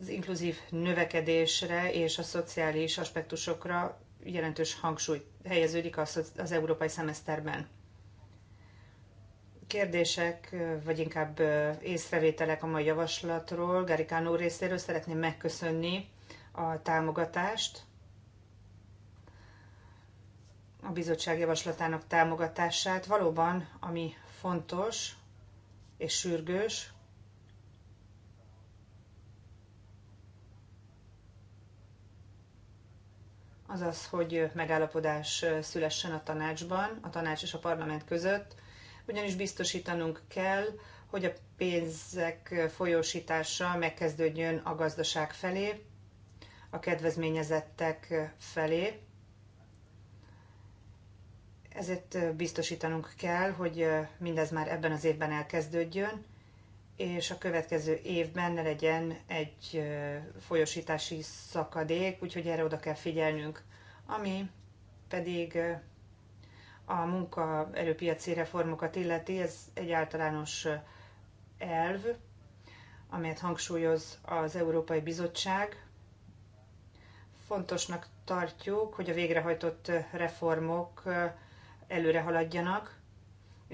az inkluzív növekedésre és a szociális aspektusokra jelentős hangsúly helyeződik az, az európai szemeszterben. Kérdések, vagy inkább észrevételek a mai javaslatról. Garikán úr részéről szeretném megköszönni a támogatást, a bizottság javaslatának támogatását. Valóban, ami fontos és sürgős, azaz, hogy megállapodás szülessen a tanácsban, a tanács és a parlament között, ugyanis biztosítanunk kell, hogy a pénzek folyósítása megkezdődjön a gazdaság felé, a kedvezményezettek felé. Ezért biztosítanunk kell, hogy mindez már ebben az évben elkezdődjön, és a következő évben ne legyen egy folyosítási szakadék, úgyhogy erre oda kell figyelnünk. Ami pedig a munkaerőpiaci reformokat illeti, ez egy általános elv, amelyet hangsúlyoz az Európai Bizottság. Fontosnak tartjuk, hogy a végrehajtott reformok előre haladjanak,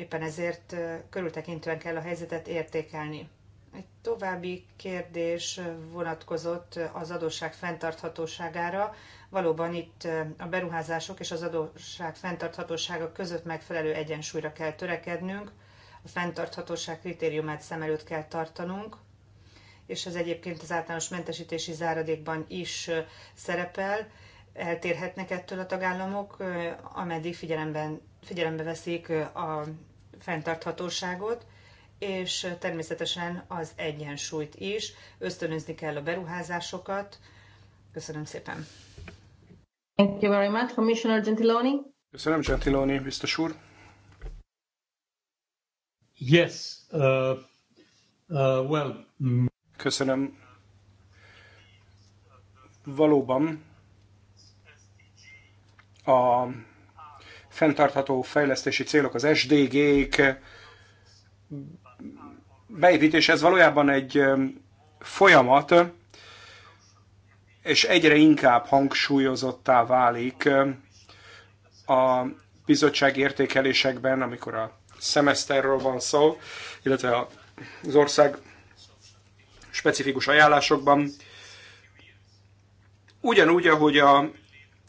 Éppen ezért körültekintően kell a helyzetet értékelni. Egy további kérdés vonatkozott az adósság fenntarthatóságára. Valóban itt a beruházások és az adósság fenntarthatósága között megfelelő egyensúlyra kell törekednünk, a fenntarthatóság kritériumát szem előtt kell tartanunk, és ez egyébként az általános mentesítési záradékban is szerepel. Eltérhetnek ettől a tagállamok, ameddig figyelemben, figyelembe veszik a fenntarthatóságot, és természetesen az egyensúlyt is. Ösztönözni kell a beruházásokat. Köszönöm szépen. Thank you very much, Commissioner Gentiloni. Köszönöm, Gentiloni, biztos úr. Yes, uh, uh, well... Mm. Köszönöm. Valóban a fenntartható fejlesztési célok, az SDG-k beépítése, ez valójában egy folyamat, és egyre inkább hangsúlyozottá válik a bizottság értékelésekben, amikor a szemeszterről van szó, illetve az ország specifikus ajánlásokban. Ugyanúgy, ahogy a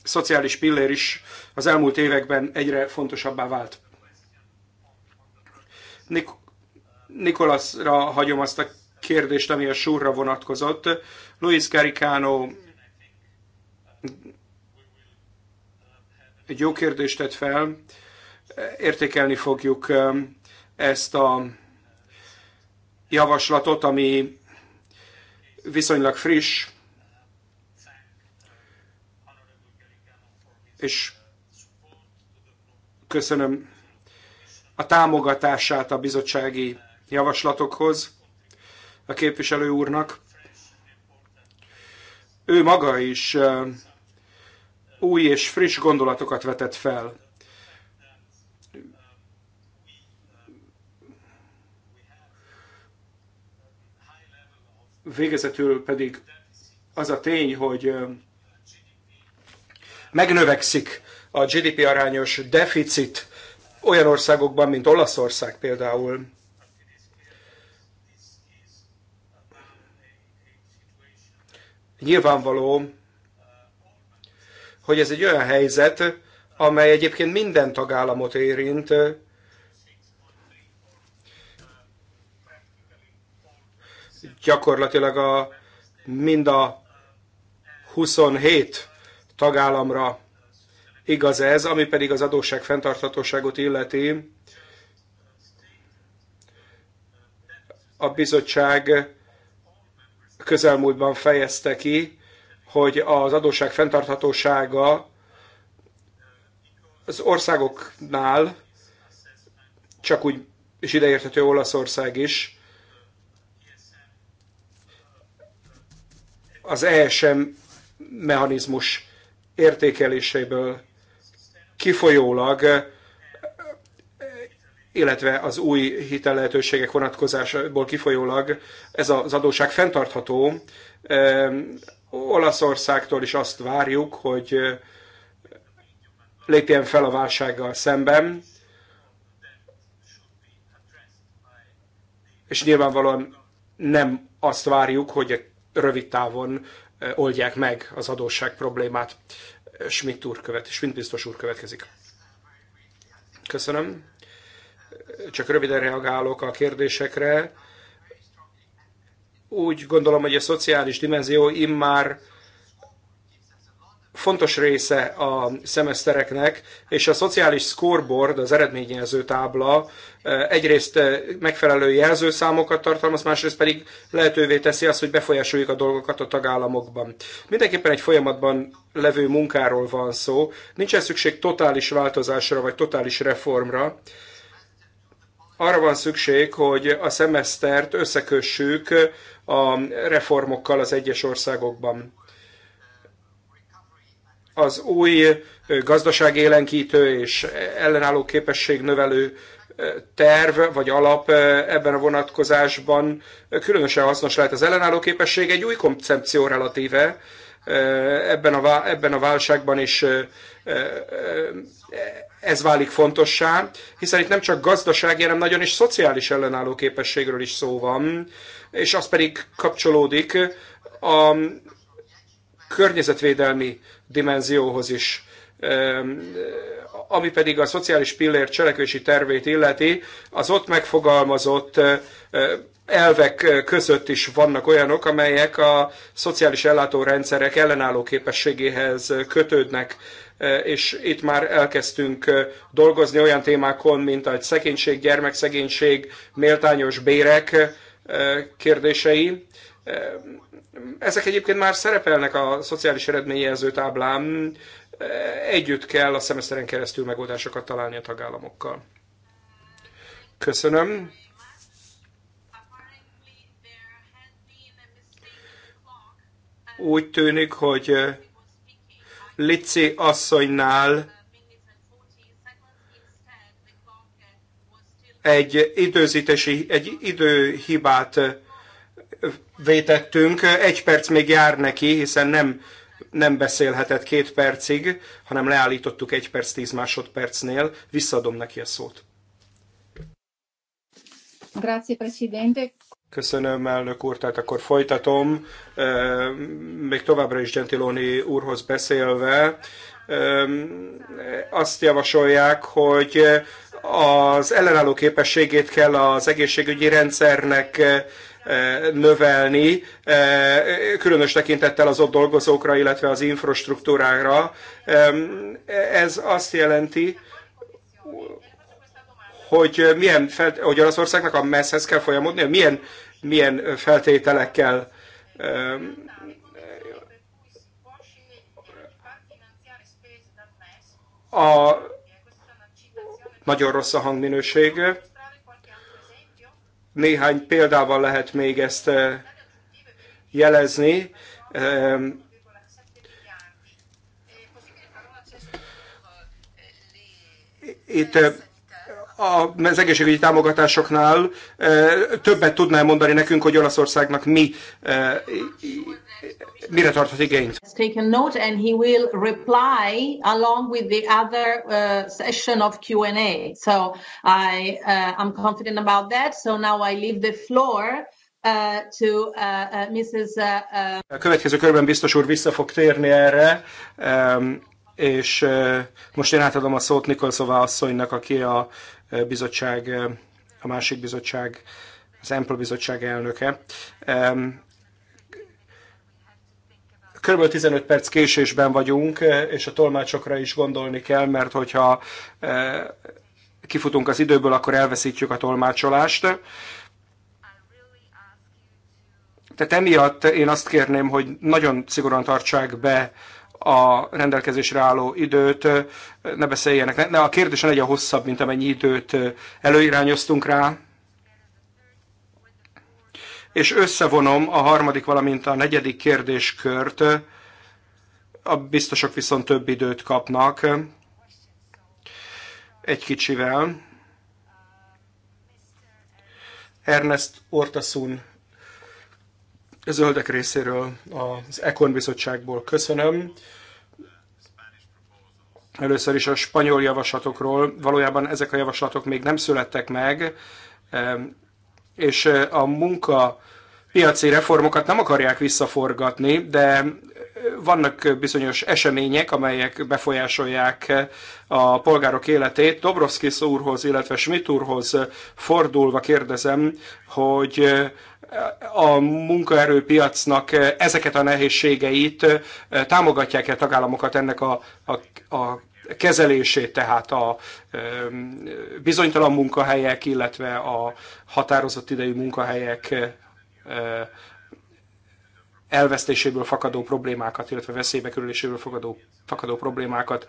szociális pillér is az elmúlt években egyre fontosabbá vált. Nik- Nikolaszra hagyom azt a kérdést, ami a súrra vonatkozott. Luis Garicano egy jó kérdést tett fel. Értékelni fogjuk um, ezt a javaslatot, ami viszonylag friss, és köszönöm a támogatását a bizottsági javaslatokhoz a képviselő úrnak. Ő maga is új és friss gondolatokat vetett fel. Végezetül pedig az a tény, hogy megnövekszik a GDP arányos deficit olyan országokban, mint Olaszország például, nyilvánvaló, hogy ez egy olyan helyzet, amely egyébként minden tagállamot érint, gyakorlatilag a, mind a 27 tagállamra igaz ez, ami pedig az adósság fenntarthatóságot illeti. A bizottság közelmúltban fejezte ki, hogy az adósság fenntarthatósága az országoknál csak úgy, és ideérthető Olaszország is, az ESM mechanizmus értékeléseiből kifolyólag, illetve az új hitel lehetőségek vonatkozásából kifolyólag ez az adóság fenntartható. Olaszországtól is azt várjuk, hogy lépjen fel a válsággal szemben, és nyilvánvalóan nem azt várjuk, hogy rövid távon Eh, oldják meg az adósság problémát. Schmidt úr követ, Schmidt biztos úr következik. Köszönöm. Csak röviden reagálok a kérdésekre. Úgy gondolom, hogy a szociális dimenzió immár fontos része a szemesztereknek, és a szociális scoreboard, az eredményjelző tábla eh, egyrészt eh, megfelelő jelzőszámokat tartalmaz, másrészt pedig lehetővé teszi azt, hogy befolyásoljuk a dolgokat a tagállamokban. Mindenképpen egy folyamatban levő munkáról van szó, nincsen szükség totális változásra vagy totális reformra, arra van szükség, hogy a szemesztert összekössük eh, a reformokkal az egyes országokban az új gazdaságélenkítő és ellenálló képesség növelő terv vagy alap ebben a vonatkozásban különösen hasznos lehet az ellenálló képesség, egy új koncepció relatíve ebben a, ebben a válságban is ez válik fontossá, hiszen itt nem csak gazdasági, hanem nagyon is szociális ellenálló képességről is szó van, és az pedig kapcsolódik a környezetvédelmi dimenzióhoz is. Ami pedig a szociális pillér cselekvési tervét illeti, az ott megfogalmazott elvek között is vannak olyanok, amelyek a szociális ellátórendszerek ellenálló képességéhez kötődnek, és itt már elkezdtünk dolgozni olyan témákon, mint a szegénység, gyermekszegénység, méltányos bérek kérdései, ezek egyébként már szerepelnek a szociális eredményjelző táblán, együtt kell a szemeszteren keresztül megoldásokat találni a tagállamokkal. Köszönöm. Úgy tűnik, hogy eh, Lici asszonynál egy időzítési, egy időhibát eh, vétettünk. Egy perc még jár neki, hiszen nem, nem beszélhetett két percig, hanem leállítottuk egy perc tíz másodpercnél. Visszaadom neki a szót. Grazie, Presidente. Köszönöm, elnök úr, tehát akkor folytatom. Még továbbra is Gentiloni úrhoz beszélve, azt javasolják, hogy az ellenálló képességét kell az egészségügyi rendszernek E, növelni, e, különös tekintettel az ott dolgozókra, illetve az infrastruktúrára. E, ez azt jelenti, hogy, milyen felt- hogy országnak a messzhez kell folyamodni, milyen, milyen feltételekkel a nagyon rossz a hangminőség. Néhány példával lehet még ezt eh, jelezni. Itt eh, az egészségügyi támogatásoknál eh, többet tudná mondani nekünk, hogy Olaszországnak mi mire tart az igényt. taken note and he will reply along with the other uh, session of Q&A. So I uh, I'm confident about that. So now I leave the floor uh, to uh, uh Mrs. Uh, uh, a következő körben biztos úr vissza fog térni erre. Um, és uh, most én átadom a szót Nikolszová asszonynak, aki a bizottság, a másik bizottság, az Ample bizottság elnöke. Um, Körülbelül 15 perc késésben vagyunk, eh, és a tolmácsokra is gondolni kell, mert hogyha eh, kifutunk az időből, akkor elveszítjük a tolmácsolást. Tehát emiatt én azt kérném, hogy nagyon szigorúan tartsák be a rendelkezésre álló időt, eh, ne beszéljenek, ne, a kérdés ne legyen hosszabb, mint amennyi időt előirányoztunk rá, és összevonom a harmadik, valamint a negyedik kérdéskört, a biztosok viszont több időt kapnak egy kicsivel. Ernest Ortasun zöldek részéről az Econ bizottságból köszönöm. Először is a spanyol javaslatokról. Valójában ezek a javaslatok még nem születtek meg, és a munka piaci reformokat nem akarják visszaforgatni, de vannak bizonyos események, amelyek befolyásolják a polgárok életét. Dobrovskis úrhoz, illetve Schmidt úrhoz fordulva kérdezem, hogy a munkaerőpiacnak ezeket a nehézségeit támogatják-e tagállamokat ennek a, a, a kezelését, tehát a bizonytalan munkahelyek, illetve a határozott idejű munkahelyek elvesztéséből fakadó problémákat, illetve veszélybe kerüléséből fakadó, fakadó problémákat.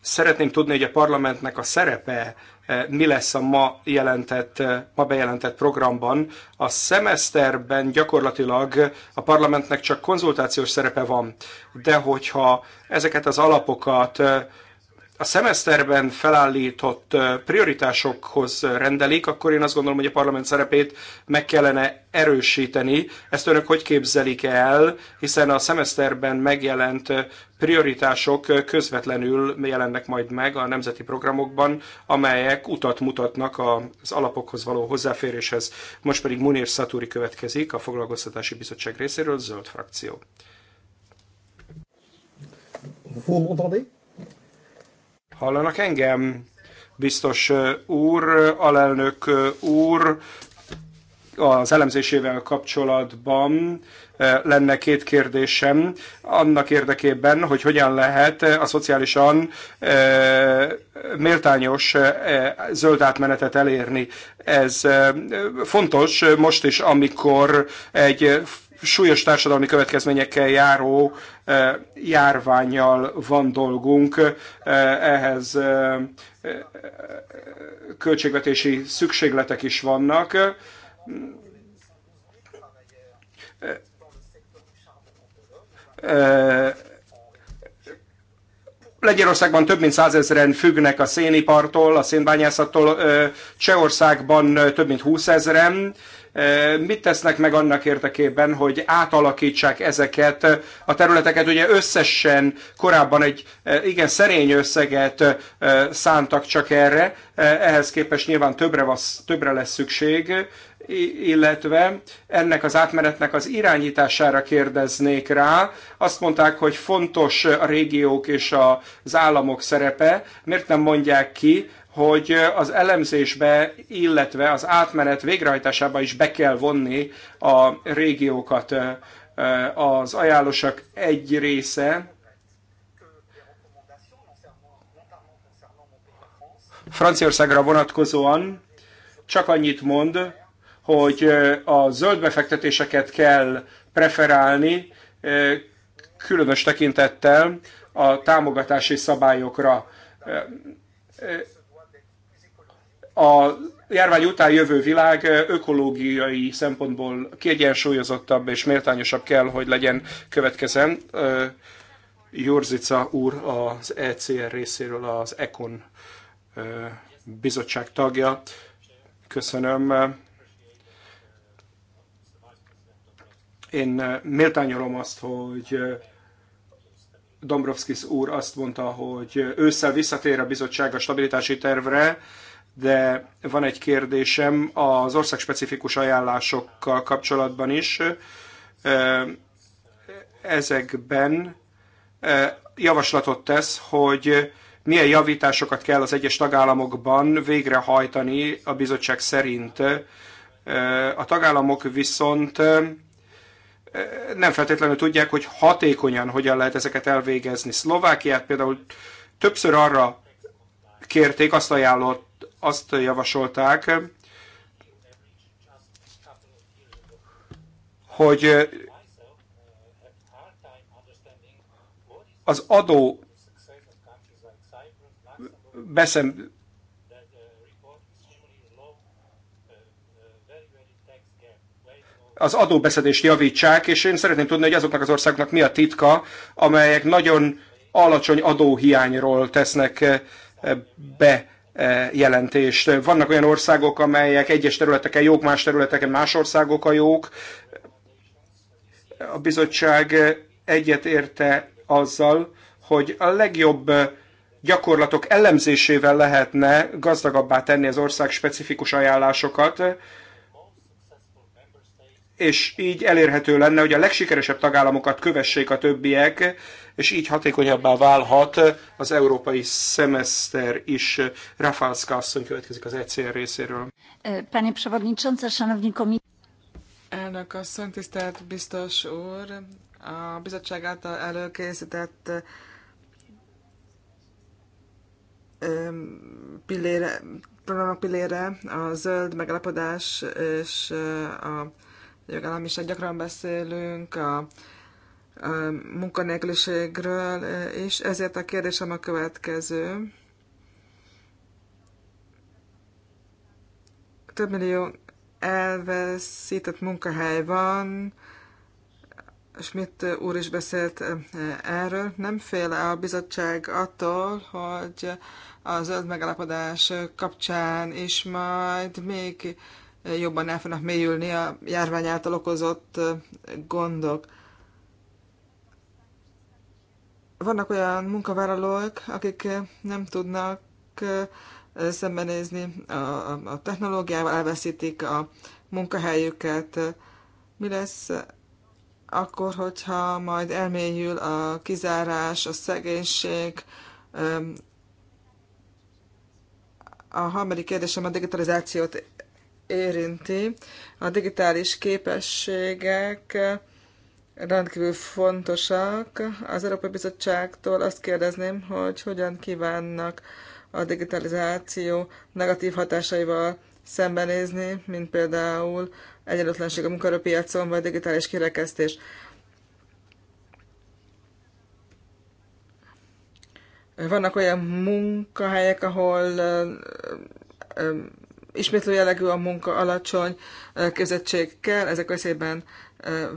Szeretném tudni, hogy a parlamentnek a szerepe Eh, mi lesz a ma, jelentett, eh, ma bejelentett programban. A szemeszterben gyakorlatilag a parlamentnek csak konzultációs szerepe van, de hogyha ezeket az alapokat eh, a szemeszterben felállított prioritásokhoz rendelik, akkor én azt gondolom, hogy a parlament szerepét meg kellene erősíteni. Ezt önök hogy képzelik el, hiszen a szemeszterben megjelent prioritások közvetlenül jelennek majd meg a nemzeti programokban, amelyek utat mutatnak az alapokhoz való hozzáféréshez. Most pedig Munir Szatúri következik a Foglalkoztatási Bizottság részéről, zöld frakció. Vous m'entendez Hallanak engem? Biztos úr, alelnök úr, az elemzésével kapcsolatban lenne két kérdésem annak érdekében, hogy hogyan lehet a szociálisan méltányos zöld átmenetet elérni. Ez fontos most is, amikor egy súlyos társadalmi következményekkel járó eh, járványjal van dolgunk, eh, ehhez eh, költségvetési szükségletek is vannak. Legyenországban több mint százezeren függnek a szénipartól, a szénbányászattól, Csehországban több mint húszezeren, Mit tesznek meg annak érdekében, hogy átalakítsák ezeket a területeket? Ugye összesen korábban egy igen szerény összeget szántak csak erre, ehhez képest nyilván többre, vasz, többre lesz szükség, illetve ennek az átmenetnek az irányítására kérdeznék rá. Azt mondták, hogy fontos a régiók és az államok szerepe. Miért nem mondják ki, hogy az elemzésbe, illetve az átmenet végrehajtásába is be kell vonni a régiókat. Az ajánlósak egy része Franciaországra vonatkozóan csak annyit mond, hogy a zöld befektetéseket kell preferálni, különös tekintettel a támogatási szabályokra a járvány után jövő világ ökológiai szempontból kiegyensúlyozottabb és méltányosabb kell, hogy legyen következen. Jorzica úr az ECR részéről az ECON bizottság tagja. Köszönöm. Én méltányolom azt, hogy Dombrovskis úr azt mondta, hogy ősszel visszatér a bizottság a stabilitási tervre, de van egy kérdésem az országspecifikus ajánlásokkal kapcsolatban is. Ezekben javaslatot tesz, hogy milyen javításokat kell az egyes tagállamokban végrehajtani a bizottság szerint. A tagállamok viszont nem feltétlenül tudják, hogy hatékonyan hogyan lehet ezeket elvégezni. Szlovákiát például többször arra kérték, azt ajánlott, azt javasolták, hogy az adó beszem, az adóbeszedést javítsák, és én szeretném tudni, hogy azoknak az országoknak mi a titka, amelyek nagyon alacsony adóhiányról tesznek eh, be E, jelentést. Vannak olyan országok, amelyek egyes területeken jók, más területeken más országok a jók. A bizottság egyet érte azzal, hogy a legjobb gyakorlatok elemzésével lehetne gazdagabbá tenni az ország specifikus ajánlásokat, és így elérhető lenne, hogy a legsikeresebb tagállamokat kövessék a többiek, és így hatékonyabbá válhat az európai szemeszter is. Rafalska asszony következik az ECR részéről. E, Pani Przewodnicząca, Szanowni Komisarz. Elnök asszony, tisztelt biztos úr, a bizottság által előkészített e, pillére, pillére a zöld megalapodás és e, a jogállamiság. Gyakran beszélünk a, a munkanélküliségről, és ezért a kérdésem a következő. Több millió elveszített munkahely van, Schmidt úr is beszélt eh, erről. Nem fél a bizottság attól, hogy az zöld megállapodás kapcsán is majd még jobban el fognak mélyülni a járvány által okozott gondok. Vannak olyan munkavállalók, akik nem tudnak szembenézni a, a technológiával, elveszítik a munkahelyüket. Mi lesz akkor, hogyha majd elmélyül a kizárás, a szegénység, a harmadik kérdésem a digitalizációt érinti. A digitális képességek rendkívül fontosak. Az Európai Bizottságtól azt kérdezném, hogy hogyan kívánnak a digitalizáció negatív hatásaival szembenézni, mint például egyenlőtlenség a munkaerőpiacon, vagy digitális kirekesztés. Vannak olyan munkahelyek, ahol ismétlő jellegű a munka, alacsony képzettség kell, ezek veszélyben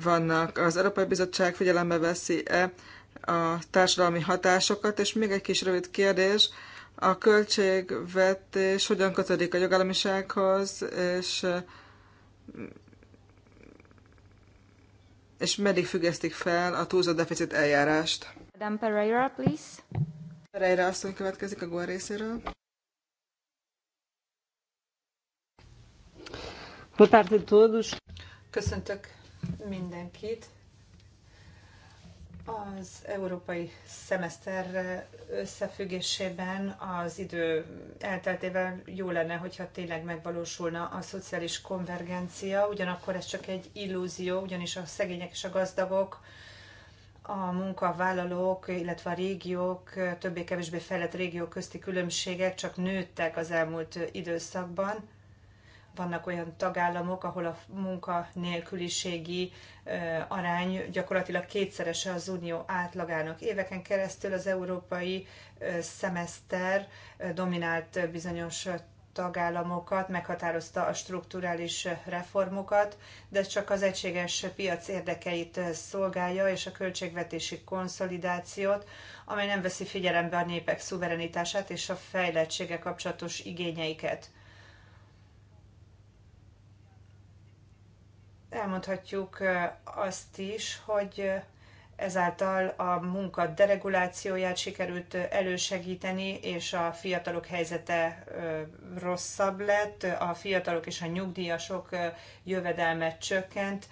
vannak. Az Európai Bizottság figyelembe veszi-e a társadalmi hatásokat, és még egy kis rövid kérdés, a költségvetés hogyan kötődik a jogállamisághoz, és, és meddig függesztik fel a túlzott deficit eljárást? Madame Pereira, please. Pereira asszony következik a gól részéről. Boa tarde a todos. Köszöntök mindenkit. Az európai szemeszter összefüggésében az idő elteltével jó lenne, hogyha tényleg megvalósulna a szociális konvergencia, ugyanakkor ez csak egy illúzió, ugyanis a szegények és a gazdagok a munkavállalók, illetve a régiók, többé-kevésbé fejlett régiók közti különbségek csak nőttek az elmúlt időszakban vannak olyan tagállamok, ahol a munkanélküliségi arány gyakorlatilag kétszerese az unió átlagának. Éveken keresztül az európai szemeszter dominált bizonyos tagállamokat, meghatározta a strukturális reformokat, de ez csak az egységes piac érdekeit szolgálja, és a költségvetési konszolidációt, amely nem veszi figyelembe a népek szuverenitását és a fejlettsége kapcsolatos igényeiket. elmondhatjuk azt is, hogy ezáltal a munka deregulációját sikerült elősegíteni, és a fiatalok helyzete rosszabb lett, a fiatalok és a nyugdíjasok jövedelme csökkent,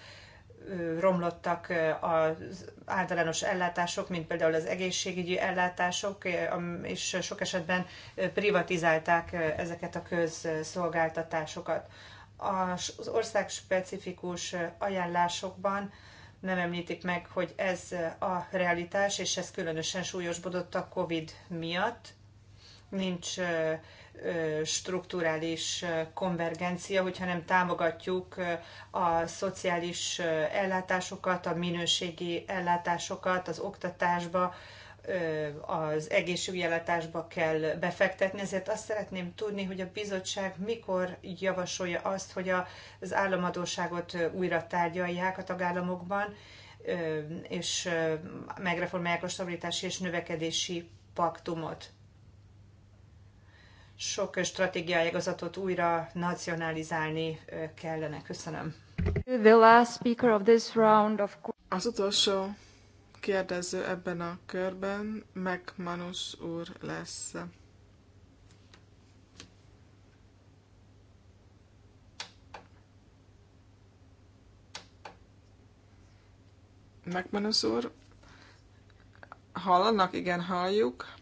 romlottak az általános ellátások, mint például az egészségügyi ellátások, és sok esetben privatizálták ezeket a közszolgáltatásokat az ország specifikus ajánlásokban nem említik meg, hogy ez a realitás, és ez különösen súlyosbodott a COVID miatt. Nincs strukturális konvergencia, hogyha nem támogatjuk a szociális ellátásokat, a minőségi ellátásokat, az oktatásba, az egészségügyellátásba kell befektetni, ezért azt szeretném tudni, hogy a bizottság mikor javasolja azt, hogy az államadóságot újra tárgyalják a tagállamokban, és megreformálják a stabilitási és növekedési paktumot. Sok stratégiai ágazatot újra nacionalizálni kellene. Köszönöm. The last speaker of this round of... Az utolsó kérdező ebben a körben McManus úr lesz. McManus úr, hallanak? Igen, halljuk.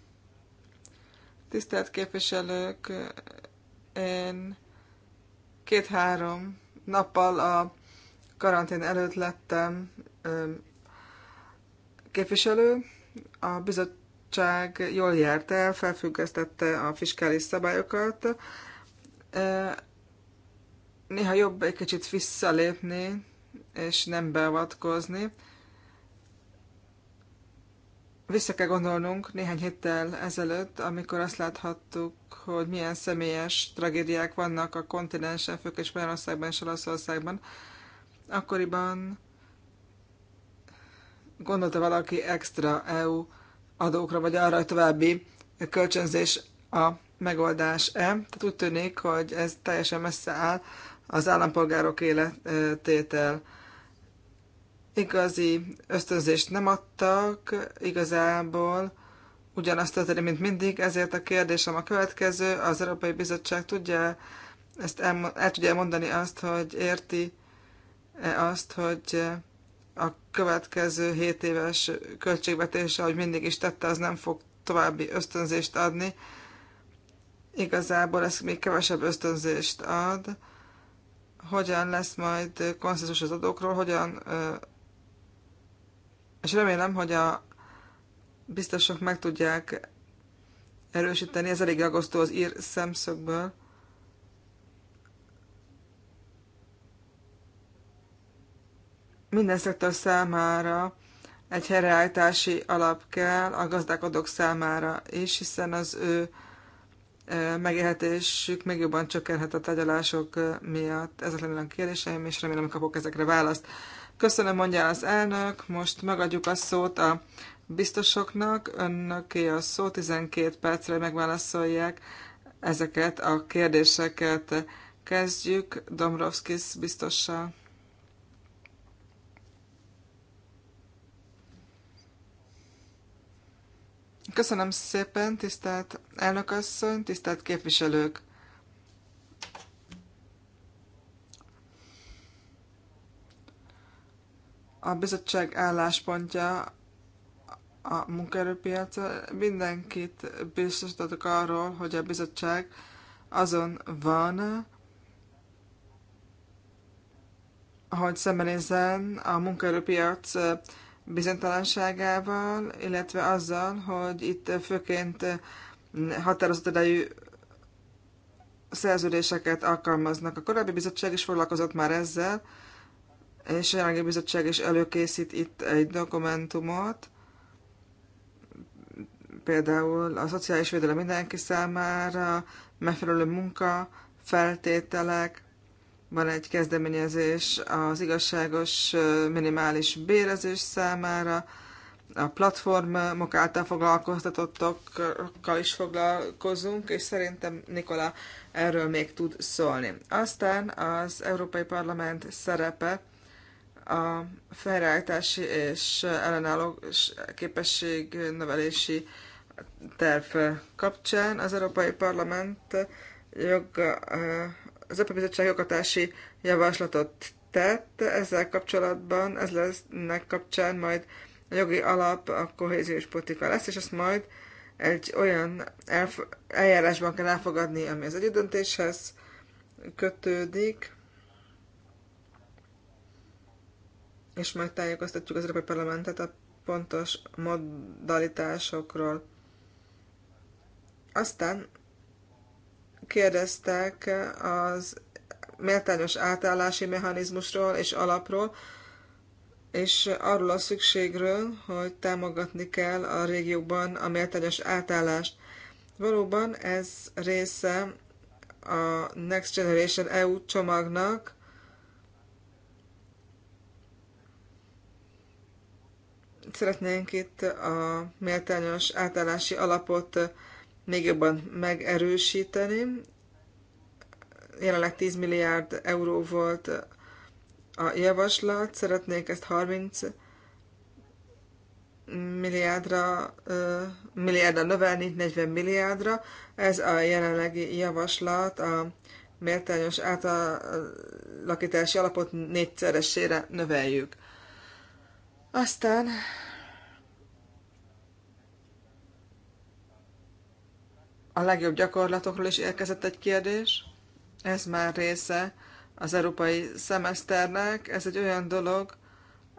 Tisztelt képviselők, én két-három nappal a karantén előtt lettem képviselő. A bizottság jól járt el, felfüggesztette a fiskális szabályokat. Néha jobb egy kicsit visszalépni, és nem beavatkozni. Vissza kell gondolnunk néhány héttel ezelőtt, amikor azt láthattuk, hogy milyen személyes tragédiák vannak a kontinensen, főként Spanyolországban és Olaszországban. Akkoriban gondolta valaki extra EU adókra, vagy arra, hogy további kölcsönzés a megoldás-e. Tehát úgy tűnik, hogy ez teljesen messze áll az állampolgárok életétel. Igazi ösztönzést nem adtak igazából, ugyanazt történik, mint mindig, ezért a kérdésem a következő, az Európai Bizottság tudja ezt el, el tudja mondani azt, hogy érti -e azt, hogy a következő 7 éves költségvetése, ahogy mindig is tette, az nem fog további ösztönzést adni. Igazából ez még kevesebb ösztönzést ad. Hogyan lesz majd konszenzus az adókról, hogyan... És remélem, hogy a biztosok meg tudják erősíteni, ez elég aggasztó az ír szemszögből. minden szektor számára egy helyreállítási alap kell a gazdálkodók számára is, hiszen az ő megélhetésük még jobban csökkenhet a tárgyalások miatt. Ezek lennének a kérdéseim, és remélem kapok ezekre választ. Köszönöm, mondja az elnök. Most megadjuk a szót a biztosoknak. Önöké a szó 12 percre megválaszolják ezeket a kérdéseket. Kezdjük Domrovskis biztossal. Köszönöm szépen, tisztelt elnökasszony, tisztelt képviselők! A bizottság álláspontja a munkaerőpiacra mindenkit biztosítatok arról, hogy a bizottság azon van, hogy szembenézzen a munkaerőpiac bizonytalanságával, illetve azzal, hogy itt főként határozott idejű szerződéseket alkalmaznak. A korábbi bizottság is foglalkozott már ezzel, és a jelenlegi bizottság is előkészít itt egy dokumentumot, például a szociális védelem mindenki számára, megfelelő munka, feltételek, van egy kezdeményezés az igazságos minimális bérezés számára, a platformok által foglalkoztatottokkal is foglalkozunk, és szerintem Nikola erről még tud szólni. Aztán az Európai Parlament szerepe a felreállítási és ellenálló képesség növelési terv kapcsán. Az Európai Parlament jog az Európai Bizottság jogatási javaslatot tett, ezzel kapcsolatban, ez lesz kapcsán majd a jogi alap a kohéziós politika lesz, és ezt majd egy olyan eljárásban kell elfogadni, ami az egyedöntéshez kötődik, és majd tájékoztatjuk az Európai Parlamentet a pontos modalitásokról. Aztán kérdeztek az méltányos átállási mechanizmusról és alapról, és arról a szükségről, hogy támogatni kell a régióban a méltányos átállást. Valóban ez része a Next Generation EU csomagnak, Szeretnénk itt a méltányos átállási alapot még jobban megerősíteni. Jelenleg 10 milliárd euró volt a javaslat, szeretnék ezt 30 milliárdra, milliárdra növelni, 40 milliárdra. Ez a jelenlegi javaslat a méltányos átalakítási alapot négyszeresére növeljük. Aztán A legjobb gyakorlatokról is érkezett egy kérdés. Ez már része az európai szemeszternek. Ez egy olyan dolog,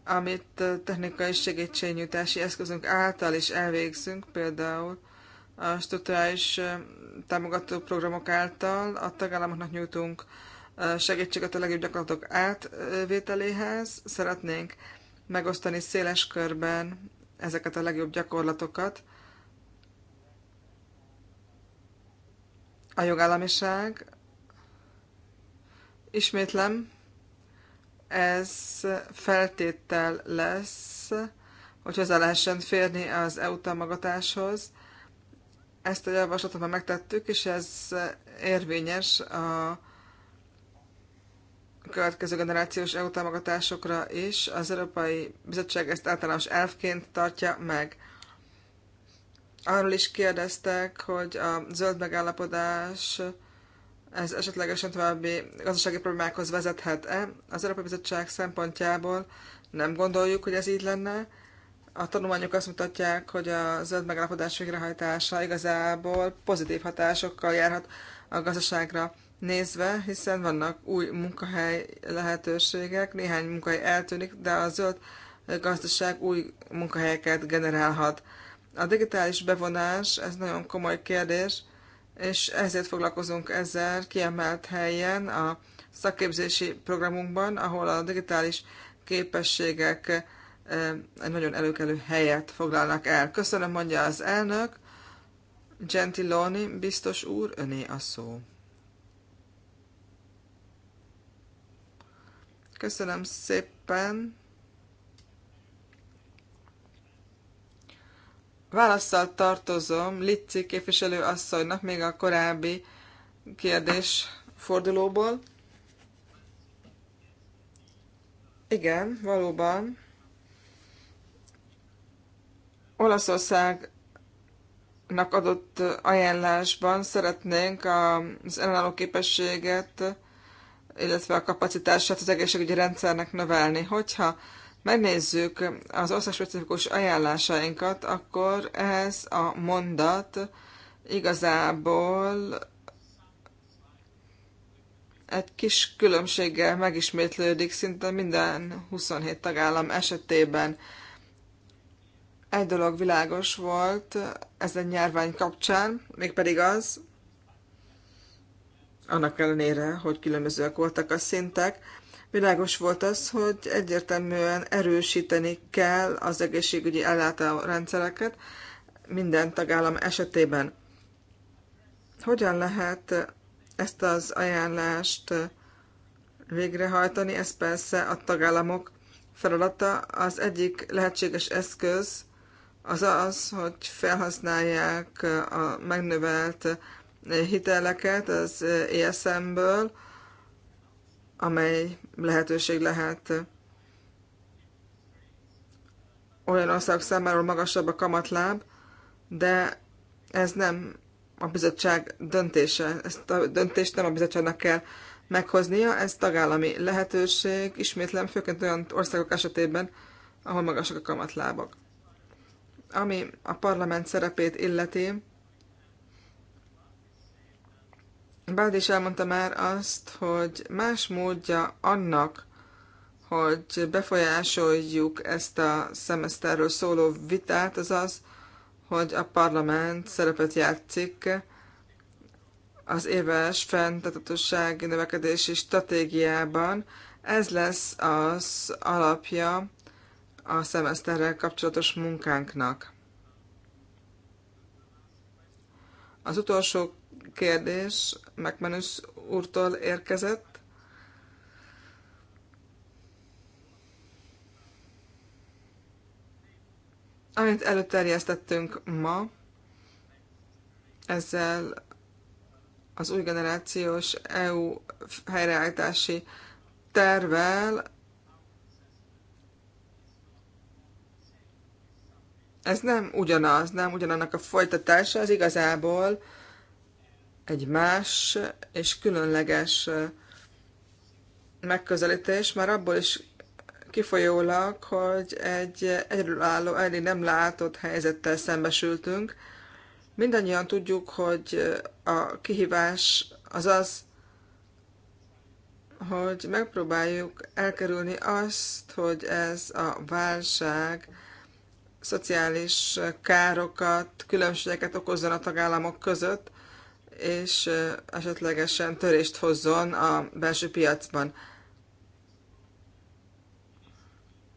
amit technikai segítségnyújtási eszközünk által is elvégzünk, például a strukturális támogató programok által a tagállamoknak nyújtunk segítséget a legjobb gyakorlatok átvételéhez. Szeretnénk megosztani széles körben ezeket a legjobb gyakorlatokat a jogállamiság. Ismétlem, ez feltétel lesz, hogy hozzá lehessen férni az EU támogatáshoz. Ezt a javaslatot már megtettük, és ez érvényes a következő generációs EU támogatásokra is. Az Európai Bizottság ezt általános elfként tartja meg arról is kérdeztek, hogy a zöld megállapodás ez esetlegesen további gazdasági problémákhoz vezethet-e. Az Európai Bizottság szempontjából nem gondoljuk, hogy ez így lenne. A tanulmányok azt mutatják, hogy a zöld megállapodás végrehajtása igazából pozitív hatásokkal járhat a gazdaságra nézve, hiszen vannak új munkahely lehetőségek, néhány munkahely eltűnik, de a zöld gazdaság új munkahelyeket generálhat. A digitális bevonás, ez nagyon komoly kérdés, és ezért foglalkozunk ezzel kiemelt helyen a szakképzési programunkban, ahol a digitális képességek eh, egy nagyon előkelő helyet foglalnak el. Köszönöm, mondja az elnök. Gentiloni, biztos úr, öné a szó. Köszönöm szépen. Válaszsal tartozom Litci képviselő asszonynak még a korábbi kérdés fordulóból. Igen, valóban. Olaszországnak adott ajánlásban szeretnénk az ellenálló képességet, illetve a kapacitását az egészségügyi rendszernek növelni. Hogyha megnézzük az országspecifikus ajánlásainkat, akkor ez a mondat igazából egy kis különbséggel megismétlődik szinte minden 27 tagállam esetében. Egy dolog világos volt ezen nyárvány kapcsán, mégpedig az, annak ellenére, hogy különbözőek voltak a szintek, Világos volt az, hogy egyértelműen erősíteni kell az egészségügyi ellátórendszereket minden tagállam esetében. Hogyan lehet ezt az ajánlást végrehajtani? Ez persze a tagállamok feladata. Az egyik lehetséges eszköz az az, hogy felhasználják a megnövelt hiteleket az ESM-ből, amely lehetőség lehet olyan országok számára magasabb a kamatláb, de ez nem a bizottság döntése. Ezt a döntést nem a bizottságnak kell meghoznia, ez tagállami lehetőség, ismétlem, főként olyan országok esetében, ahol magasak a kamatlábak. Ami a parlament szerepét illeti, Bád is elmondta már azt, hogy más módja annak, hogy befolyásoljuk ezt a szemeszterről szóló vitát, az az, hogy a parlament szerepet játszik az éves fenntartatossági növekedési stratégiában. Ez lesz az alapja a szemeszterrel kapcsolatos munkánknak. Az utolsó kérdés McManus úrtól érkezett. Amit előterjesztettünk ma, ezzel az új generációs EU helyreállítási tervel, ez nem ugyanaz, nem ugyanannak a folytatása, az igazából egy más és különleges megközelítés, már abból is kifolyólag, hogy egy álló eddig nem látott helyzettel szembesültünk. Mindannyian tudjuk, hogy a kihívás az az, hogy megpróbáljuk elkerülni azt, hogy ez a válság szociális károkat, különbségeket okozzon a tagállamok között, és esetlegesen törést hozzon a belső piacban.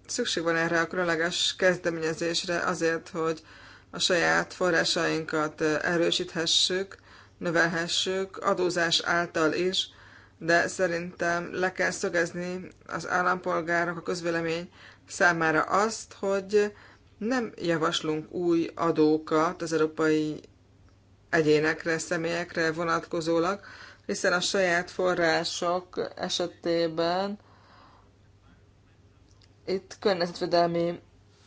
Szükség van erre a különleges kezdeményezésre azért, hogy a saját forrásainkat erősíthessük, növelhessük, adózás által is, de szerintem le kell szögezni az állampolgárok, a közvélemény számára azt, hogy nem javaslunk új adókat az Európai egyénekre, személyekre vonatkozólag, hiszen a saját források esetében itt környezetvédelmi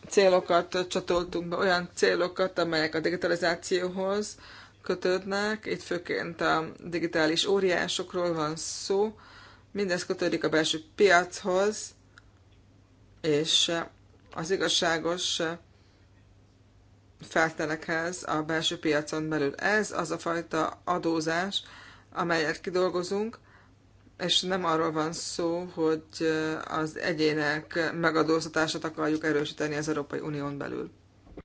célokat csatoltunk be, olyan célokat, amelyek a digitalizációhoz kötődnek, itt főként a digitális óriásokról van szó, mindez kötődik a belső piachoz, és az igazságos feltelekhez a belső piacon belül. Ez az a fajta adózás, amelyet kidolgozunk, és nem arról van szó, hogy az egyének megadóztatását akarjuk erősíteni az Európai Unión belül.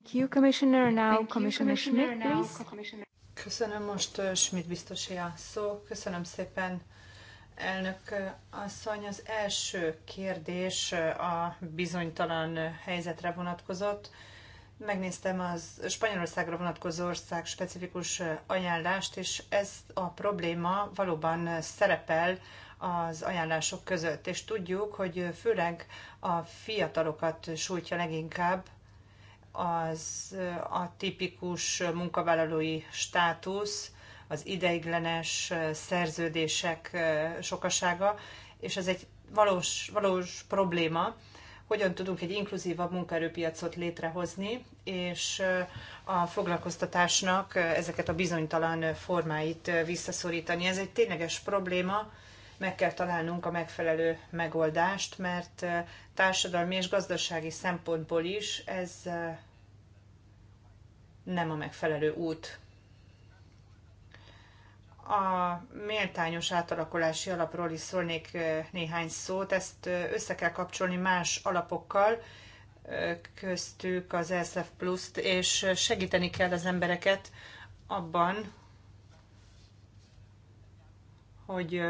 Thank you, Commissioner. Now, Commissioner Schmidt, please. Köszönöm most uh, Schmidt biztosi a szó. Köszönöm szépen, elnök uh, asszony. Az első kérdés uh, a bizonytalan helyzetre vonatkozott megnéztem az Spanyolországra vonatkozó ország specifikus ajánlást, és ez a probléma valóban szerepel az ajánlások között, és tudjuk, hogy főleg a fiatalokat sújtja leginkább az a tipikus munkavállalói státusz, az ideiglenes szerződések sokasága, és ez egy valós, valós probléma, hogyan tudunk egy inkluzívabb munkaerőpiacot létrehozni, és a foglalkoztatásnak ezeket a bizonytalan formáit visszaszorítani. Ez egy tényleges probléma, meg kell találnunk a megfelelő megoldást, mert társadalmi és gazdasági szempontból is ez nem a megfelelő út. A méltányos átalakulási alapról is szólnék néhány szót. Ezt össze kell kapcsolni más alapokkal, köztük az ESF Plus-t, és segíteni kell az embereket abban, hogy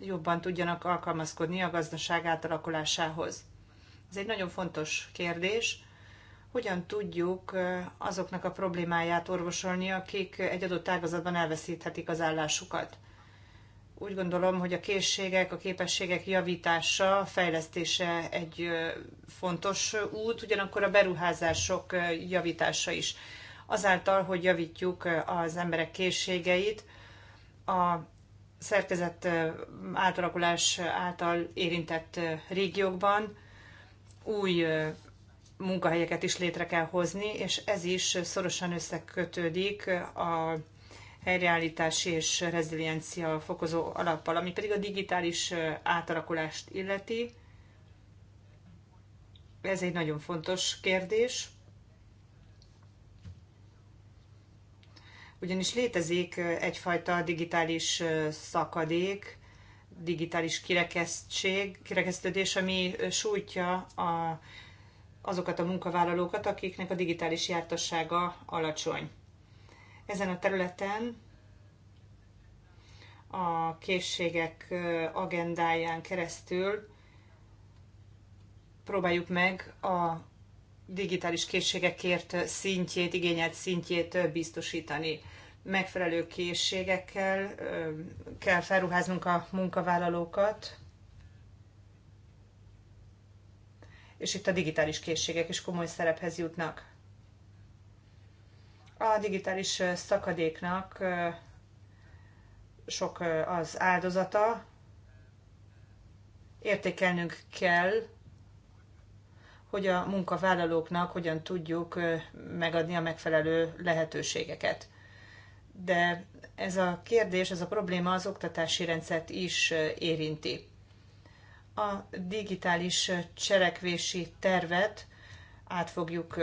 jobban tudjanak alkalmazkodni a gazdaság átalakulásához. Ez egy nagyon fontos kérdés, hogyan tudjuk azoknak a problémáját orvosolni, akik egy adott ágazatban elveszíthetik az állásukat. Úgy gondolom, hogy a készségek, a képességek javítása, fejlesztése egy fontos út, ugyanakkor a beruházások javítása is. Azáltal, hogy javítjuk az emberek készségeit, a szerkezet átalakulás által érintett régiókban új munkahelyeket is létre kell hozni, és ez is szorosan összekötődik a helyreállítási és reziliencia fokozó alappal, ami pedig a digitális átalakulást illeti. Ez egy nagyon fontos kérdés. Ugyanis létezik egyfajta digitális szakadék, digitális kirekesztség, kirekesztődés, ami sújtja a azokat a munkavállalókat, akiknek a digitális jártassága alacsony. Ezen a területen a készségek agendáján keresztül próbáljuk meg a digitális készségekért szintjét, igényelt szintjét biztosítani. Megfelelő készségekkel kell felruháznunk a munkavállalókat, és itt a digitális készségek is komoly szerephez jutnak. A digitális szakadéknak sok az áldozata, értékelnünk kell, hogy a munkavállalóknak hogyan tudjuk megadni a megfelelő lehetőségeket. De ez a kérdés, ez a probléma az oktatási rendszert is érinti. A digitális cselekvési tervet át fogjuk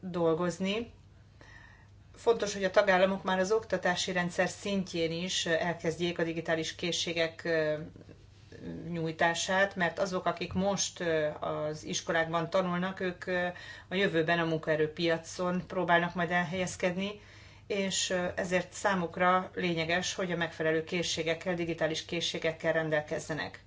dolgozni. Fontos, hogy a tagállamok már az oktatási rendszer szintjén is elkezdjék a digitális készségek nyújtását, mert azok, akik most az iskolákban tanulnak, ők a jövőben a munkaerőpiacon próbálnak majd elhelyezkedni, és ezért számukra lényeges, hogy a megfelelő készségekkel, digitális készségekkel rendelkezzenek.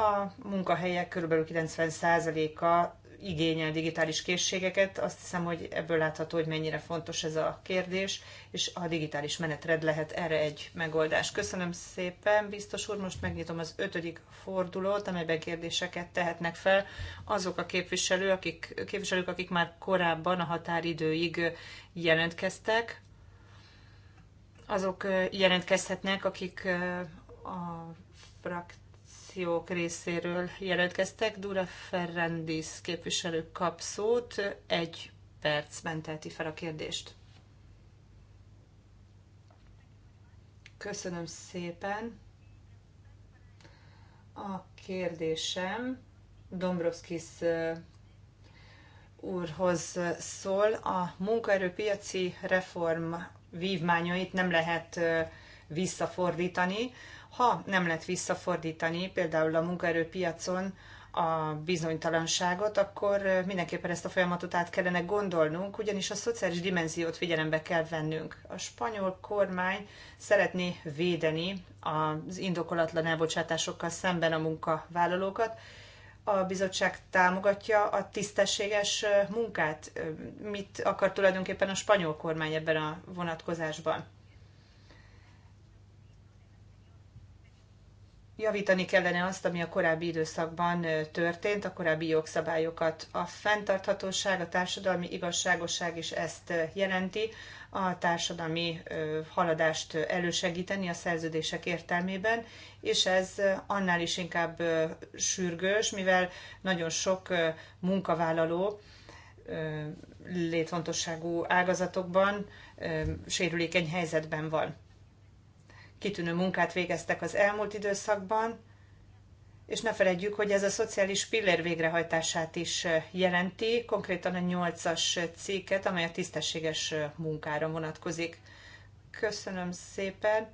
A munkahelyek körülbelül 90%-a igényel digitális készségeket. Azt hiszem, hogy ebből látható, hogy mennyire fontos ez a kérdés, és a digitális menetred lehet erre egy megoldás. Köszönöm szépen, biztos úr. Most megnyitom az ötödik fordulót, amelyben kérdéseket tehetnek fel azok a képviselő, akik, képviselők, akik már korábban a határidőig jelentkeztek. Azok jelentkezhetnek, akik a frakt frakciók részéről jelentkeztek. Dura Ferrandis képviselő kap szót, egy percben teheti fel a kérdést. Köszönöm szépen. A kérdésem Dombrovskis úrhoz szól. A munkaerőpiaci reform vívmányait nem lehet visszafordítani ha nem lehet visszafordítani például a munkaerőpiacon a bizonytalanságot, akkor mindenképpen ezt a folyamatot át kellene gondolnunk, ugyanis a szociális dimenziót figyelembe kell vennünk. A spanyol kormány szeretné védeni az indokolatlan elbocsátásokkal szemben a munkavállalókat. A bizottság támogatja a tisztességes munkát. Mit akar tulajdonképpen a spanyol kormány ebben a vonatkozásban? javítani kellene azt, ami a korábbi időszakban történt, a korábbi jogszabályokat. A fenntarthatóság, a társadalmi igazságosság is ezt jelenti, a társadalmi haladást elősegíteni a szerződések értelmében, és ez annál is inkább sürgős, mivel nagyon sok munkavállaló létfontosságú ágazatokban sérülékeny helyzetben van kitűnő munkát végeztek az elmúlt időszakban, és ne felejtjük, hogy ez a szociális pillér végrehajtását is jelenti, konkrétan a nyolcas cikket, amely a tisztességes munkára vonatkozik. Köszönöm szépen.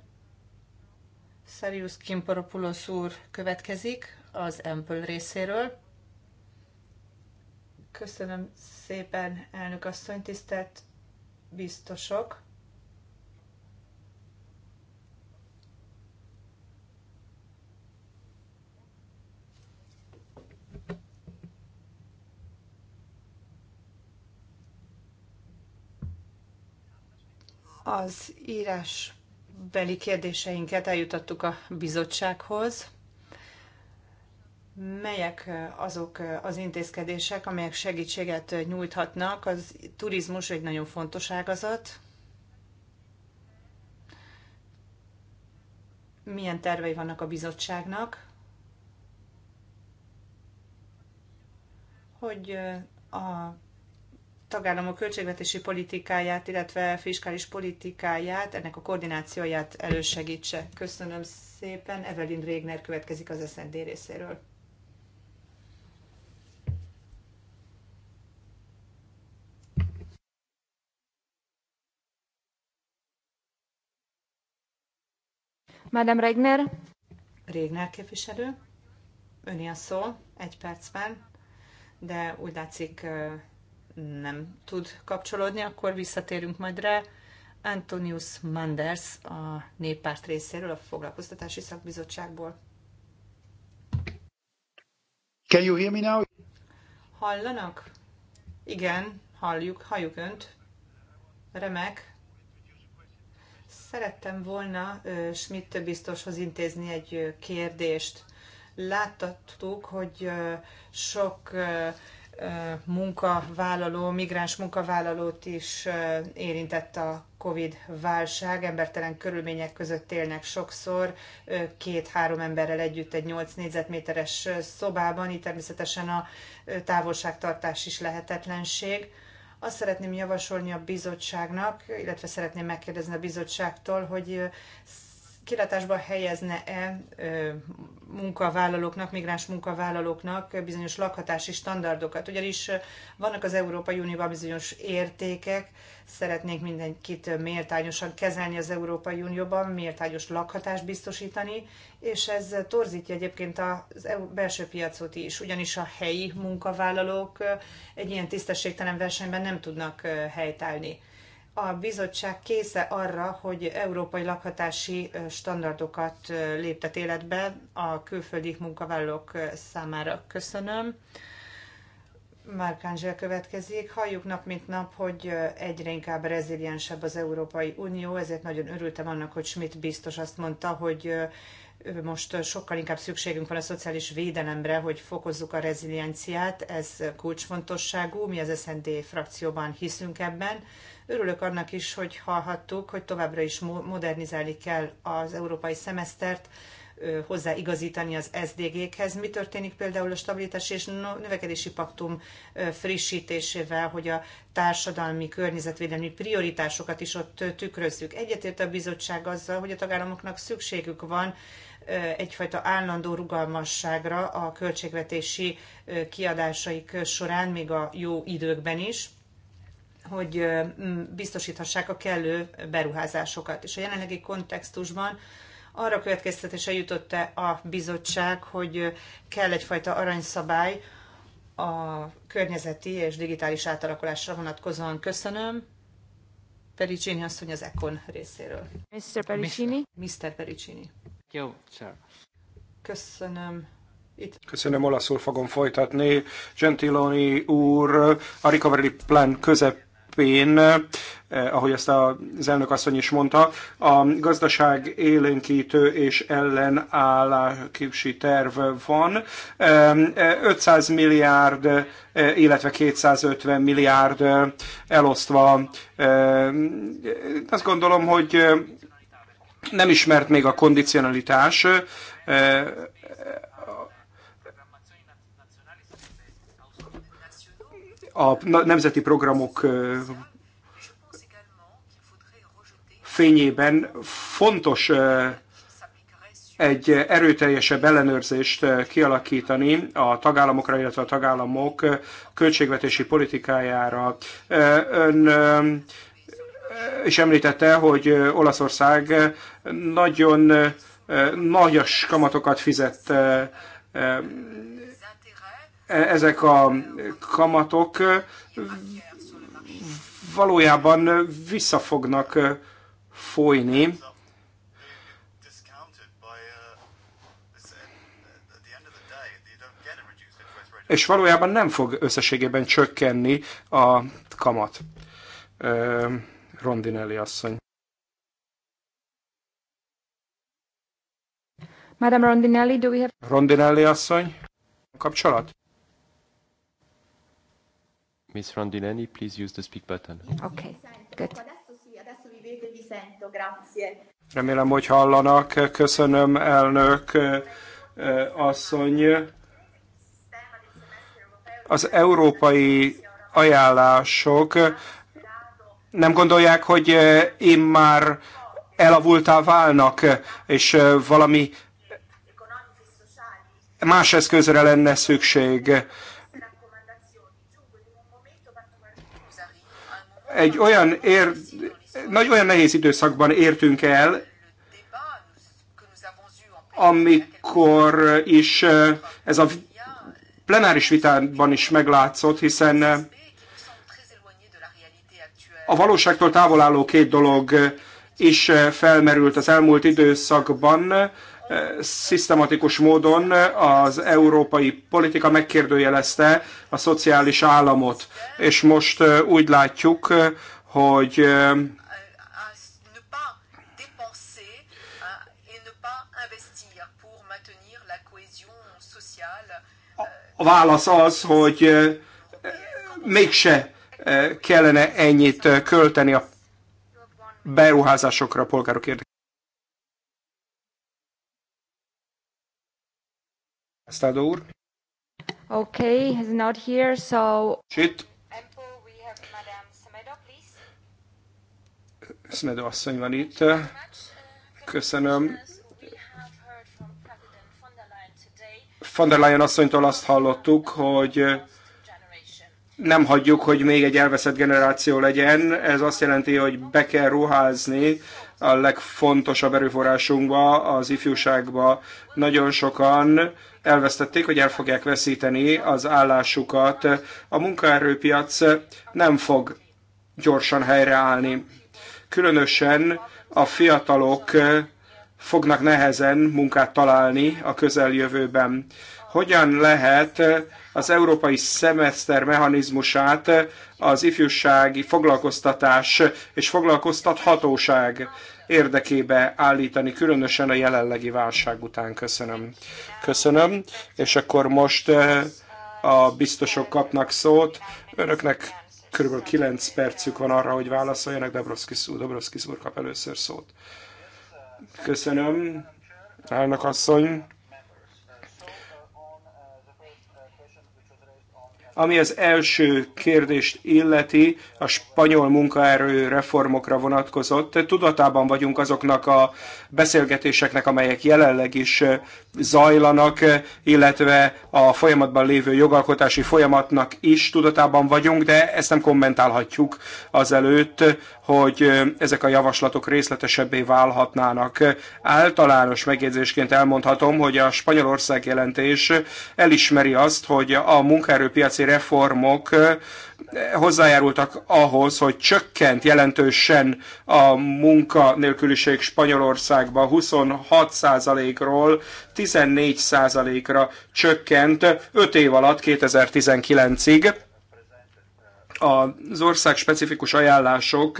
Szarius Kimparopoulos úr következik az Ample részéről. Köszönöm szépen, elnök asszony, tisztelt biztosok. Az írásbeli kérdéseinket eljutattuk a bizottsághoz. Melyek azok az intézkedések, amelyek segítséget nyújthatnak? Az turizmus egy nagyon fontos ágazat. Milyen tervei vannak a bizottságnak? Hogy a tagállamok költségvetési politikáját, illetve fiskális politikáját, ennek a koordinációját elősegítse. Köszönöm szépen. Evelyn Régner következik az SZND részéről. Madame Regner. Régner képviselő. Öni a szó, egy percben, de úgy látszik nem tud kapcsolódni, akkor visszatérünk majd rá. Antonius Manders a néppárt részéről, a foglalkoztatási szakbizottságból. Can you hear me now? Hallanak? Igen, halljuk, halljuk önt. Remek. Szerettem volna Schmidt biztoshoz intézni egy kérdést. Láttattuk, hogy sok munkavállaló, migráns munkavállalót is érintett a Covid-válság. Embertelen körülmények között élnek sokszor, két-három emberrel együtt egy 8 négyzetméteres szobában, így természetesen a távolságtartás is lehetetlenség. Azt szeretném javasolni a bizottságnak, illetve szeretném megkérdezni a bizottságtól, hogy kilátásba helyezne-e munkavállalóknak, migráns munkavállalóknak bizonyos lakhatási standardokat. Ugyanis vannak az Európai Unióban bizonyos értékek, szeretnénk mindenkit méltányosan kezelni az Európai Unióban, méltányos lakhatást biztosítani, és ez torzítja egyébként az EU belső piacot is, ugyanis a helyi munkavállalók egy ilyen tisztességtelen versenyben nem tudnak helytállni a bizottság késze arra, hogy európai lakhatási standardokat léptet életbe a külföldi munkavállalók számára. Köszönöm. Márk Ángel következik. Halljuk nap mint nap, hogy egyre inkább reziliensebb az Európai Unió, ezért nagyon örültem annak, hogy Schmidt biztos azt mondta, hogy most sokkal inkább szükségünk van a szociális védelemre, hogy fokozzuk a rezilienciát, ez kulcsfontosságú, mi az SND frakcióban hiszünk ebben. Örülök annak is, hogy hallhattuk, hogy továbbra is modernizálni kell az európai szemesztert, hozzáigazítani az SDG-khez. Mi történik például a stabilitási és növekedési paktum frissítésével, hogy a társadalmi, környezetvédelmi prioritásokat is ott tükrözzük. Egyetért a bizottság azzal, hogy a tagállamoknak szükségük van egyfajta állandó rugalmasságra a költségvetési kiadásaik során, még a jó időkben is hogy biztosíthassák a kellő beruházásokat. És a jelenlegi kontextusban arra következtetése jutott-e a bizottság, hogy kell egyfajta aranyszabály a környezeti és digitális átalakulásra vonatkozóan. Köszönöm. Pericini asszony az Econ részéről. Mr. Pericini. Mr. Pericini. Jó, sir. Köszönöm. Itt. Köszönöm, olaszul fogom folytatni. Gentiloni úr, a Recovery Plan közep közepén, eh, ahogy ezt az elnök asszony is mondta, a gazdaság élénkítő és ellenállási terv van. 500 eh, milliárd, eh, illetve 250 milliárd elosztva. Azt gondolom, hogy nem ismert még a kondicionalitás, a nemzeti programok fényében fontos egy erőteljesebb ellenőrzést kialakítani a tagállamokra, illetve a tagállamok költségvetési politikájára. Ön is említette, hogy Olaszország nagyon nagyas kamatokat fizett E, ezek a kamatok e, valójában vissza fognak e, folyni. És valójában nem fog összességében csökkenni a kamat. Rondinelli asszony. Madame Rondinelli, do we have... Rondinelli asszony, kapcsolat? Miss Rondinelli, please use the speak button. Okay, good. Remélem, hogy hallanak. Köszönöm, elnök eh, asszony. Az európai ajánlások nem gondolják, hogy eh, én már elavultá válnak, és eh, valami más eszközre lenne szükség egy olyan, ér, nagy, olyan nehéz időszakban értünk el, amikor is ez a plenáris vitában is meglátszott, hiszen a valóságtól távol álló két dolog is felmerült az elmúlt időszakban szisztematikus módon az európai politika megkérdőjelezte a szociális államot, és most úgy látjuk, hogy a válasz az, hogy mégse kellene ennyit költeni a beruházásokra a polgárok érdekében. Sztádó úr? Okay, he's not here, so... Sőt. Smedo asszony van itt. Köszönöm. Von der Leyen asszonytól azt hallottuk, hogy nem hagyjuk, hogy még egy elveszett generáció legyen. Ez azt jelenti, hogy be kell ruházni a legfontosabb erőforrásunkba, az ifjúságba nagyon sokan elvesztették, hogy el fogják veszíteni az állásukat. A munkaerőpiac nem fog gyorsan helyreállni. Különösen a fiatalok fognak nehezen munkát találni a közeljövőben hogyan lehet az európai szemeszter mechanizmusát az ifjúsági foglalkoztatás és foglalkoztathatóság érdekébe állítani, különösen a jelenlegi válság után. Köszönöm. Köszönöm, és akkor most a biztosok kapnak szót. Önöknek kb. 9 percük van arra, hogy válaszoljanak. Dabroszkis úr, Dabroszkis úr kap először szót. Köszönöm, elnök asszony. Ami az első kérdést illeti, a spanyol munkaerő reformokra vonatkozott. Tudatában vagyunk azoknak a beszélgetéseknek, amelyek jelenleg is zajlanak, illetve a folyamatban lévő jogalkotási folyamatnak is tudatában vagyunk, de ezt nem kommentálhatjuk azelőtt, hogy ezek a javaslatok részletesebbé válhatnának. Általános megjegyzésként elmondhatom, hogy a Spanyolország jelentés elismeri azt, hogy a munkaerőpiaci reformok hozzájárultak ahhoz, hogy csökkent jelentősen a munkanélküliség Spanyolországban 26%-ról 14%-ra csökkent 5 év alatt 2019-ig az ország specifikus ajánlások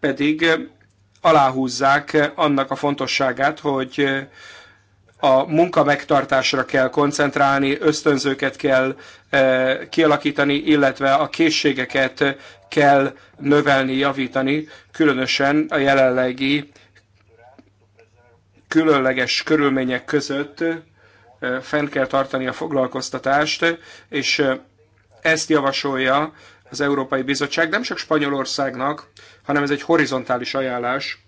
pedig aláhúzzák annak a fontosságát, hogy a munka megtartásra kell koncentrálni, ösztönzőket kell eh, kialakítani, illetve a készségeket kell növelni, javítani, különösen a jelenlegi különleges körülmények között eh, fenn kell tartani a foglalkoztatást, és eh, ezt javasolja az Európai Bizottság nem csak Spanyolországnak, hanem ez egy horizontális ajánlás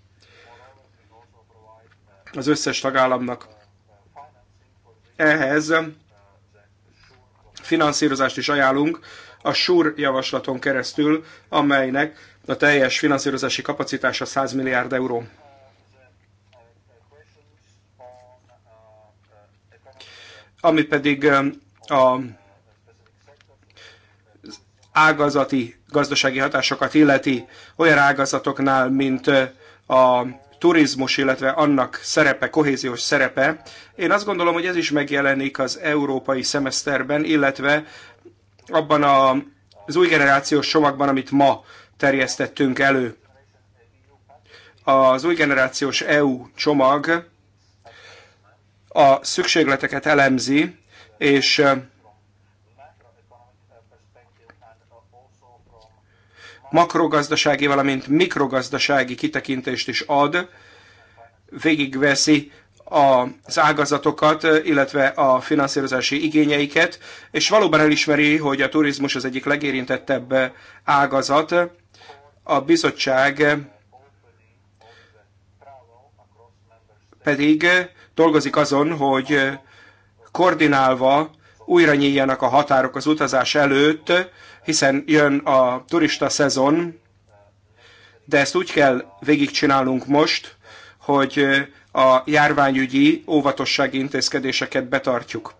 az összes tagállamnak. Ehhez finanszírozást is ajánlunk a SUR javaslaton keresztül, amelynek a teljes finanszírozási kapacitása 100 milliárd euró. Ami pedig a ágazati gazdasági hatásokat illeti olyan ágazatoknál, mint a turizmus, illetve annak szerepe, kohéziós szerepe. Én azt gondolom, hogy ez is megjelenik az európai szemeszterben, illetve abban a, az új generációs csomagban, amit ma terjesztettünk elő. Az új generációs EU csomag a szükségleteket elemzi, és makrogazdasági, valamint mikrogazdasági kitekintést is ad, végigveszi az ágazatokat, illetve a finanszírozási igényeiket, és valóban elismeri, hogy a turizmus az egyik legérintettebb ágazat. A bizottság pedig dolgozik azon, hogy koordinálva újra nyíljanak a határok az utazás előtt, hiszen jön a turista szezon, de ezt úgy kell végigcsinálnunk most, hogy a járványügyi óvatossági intézkedéseket betartjuk.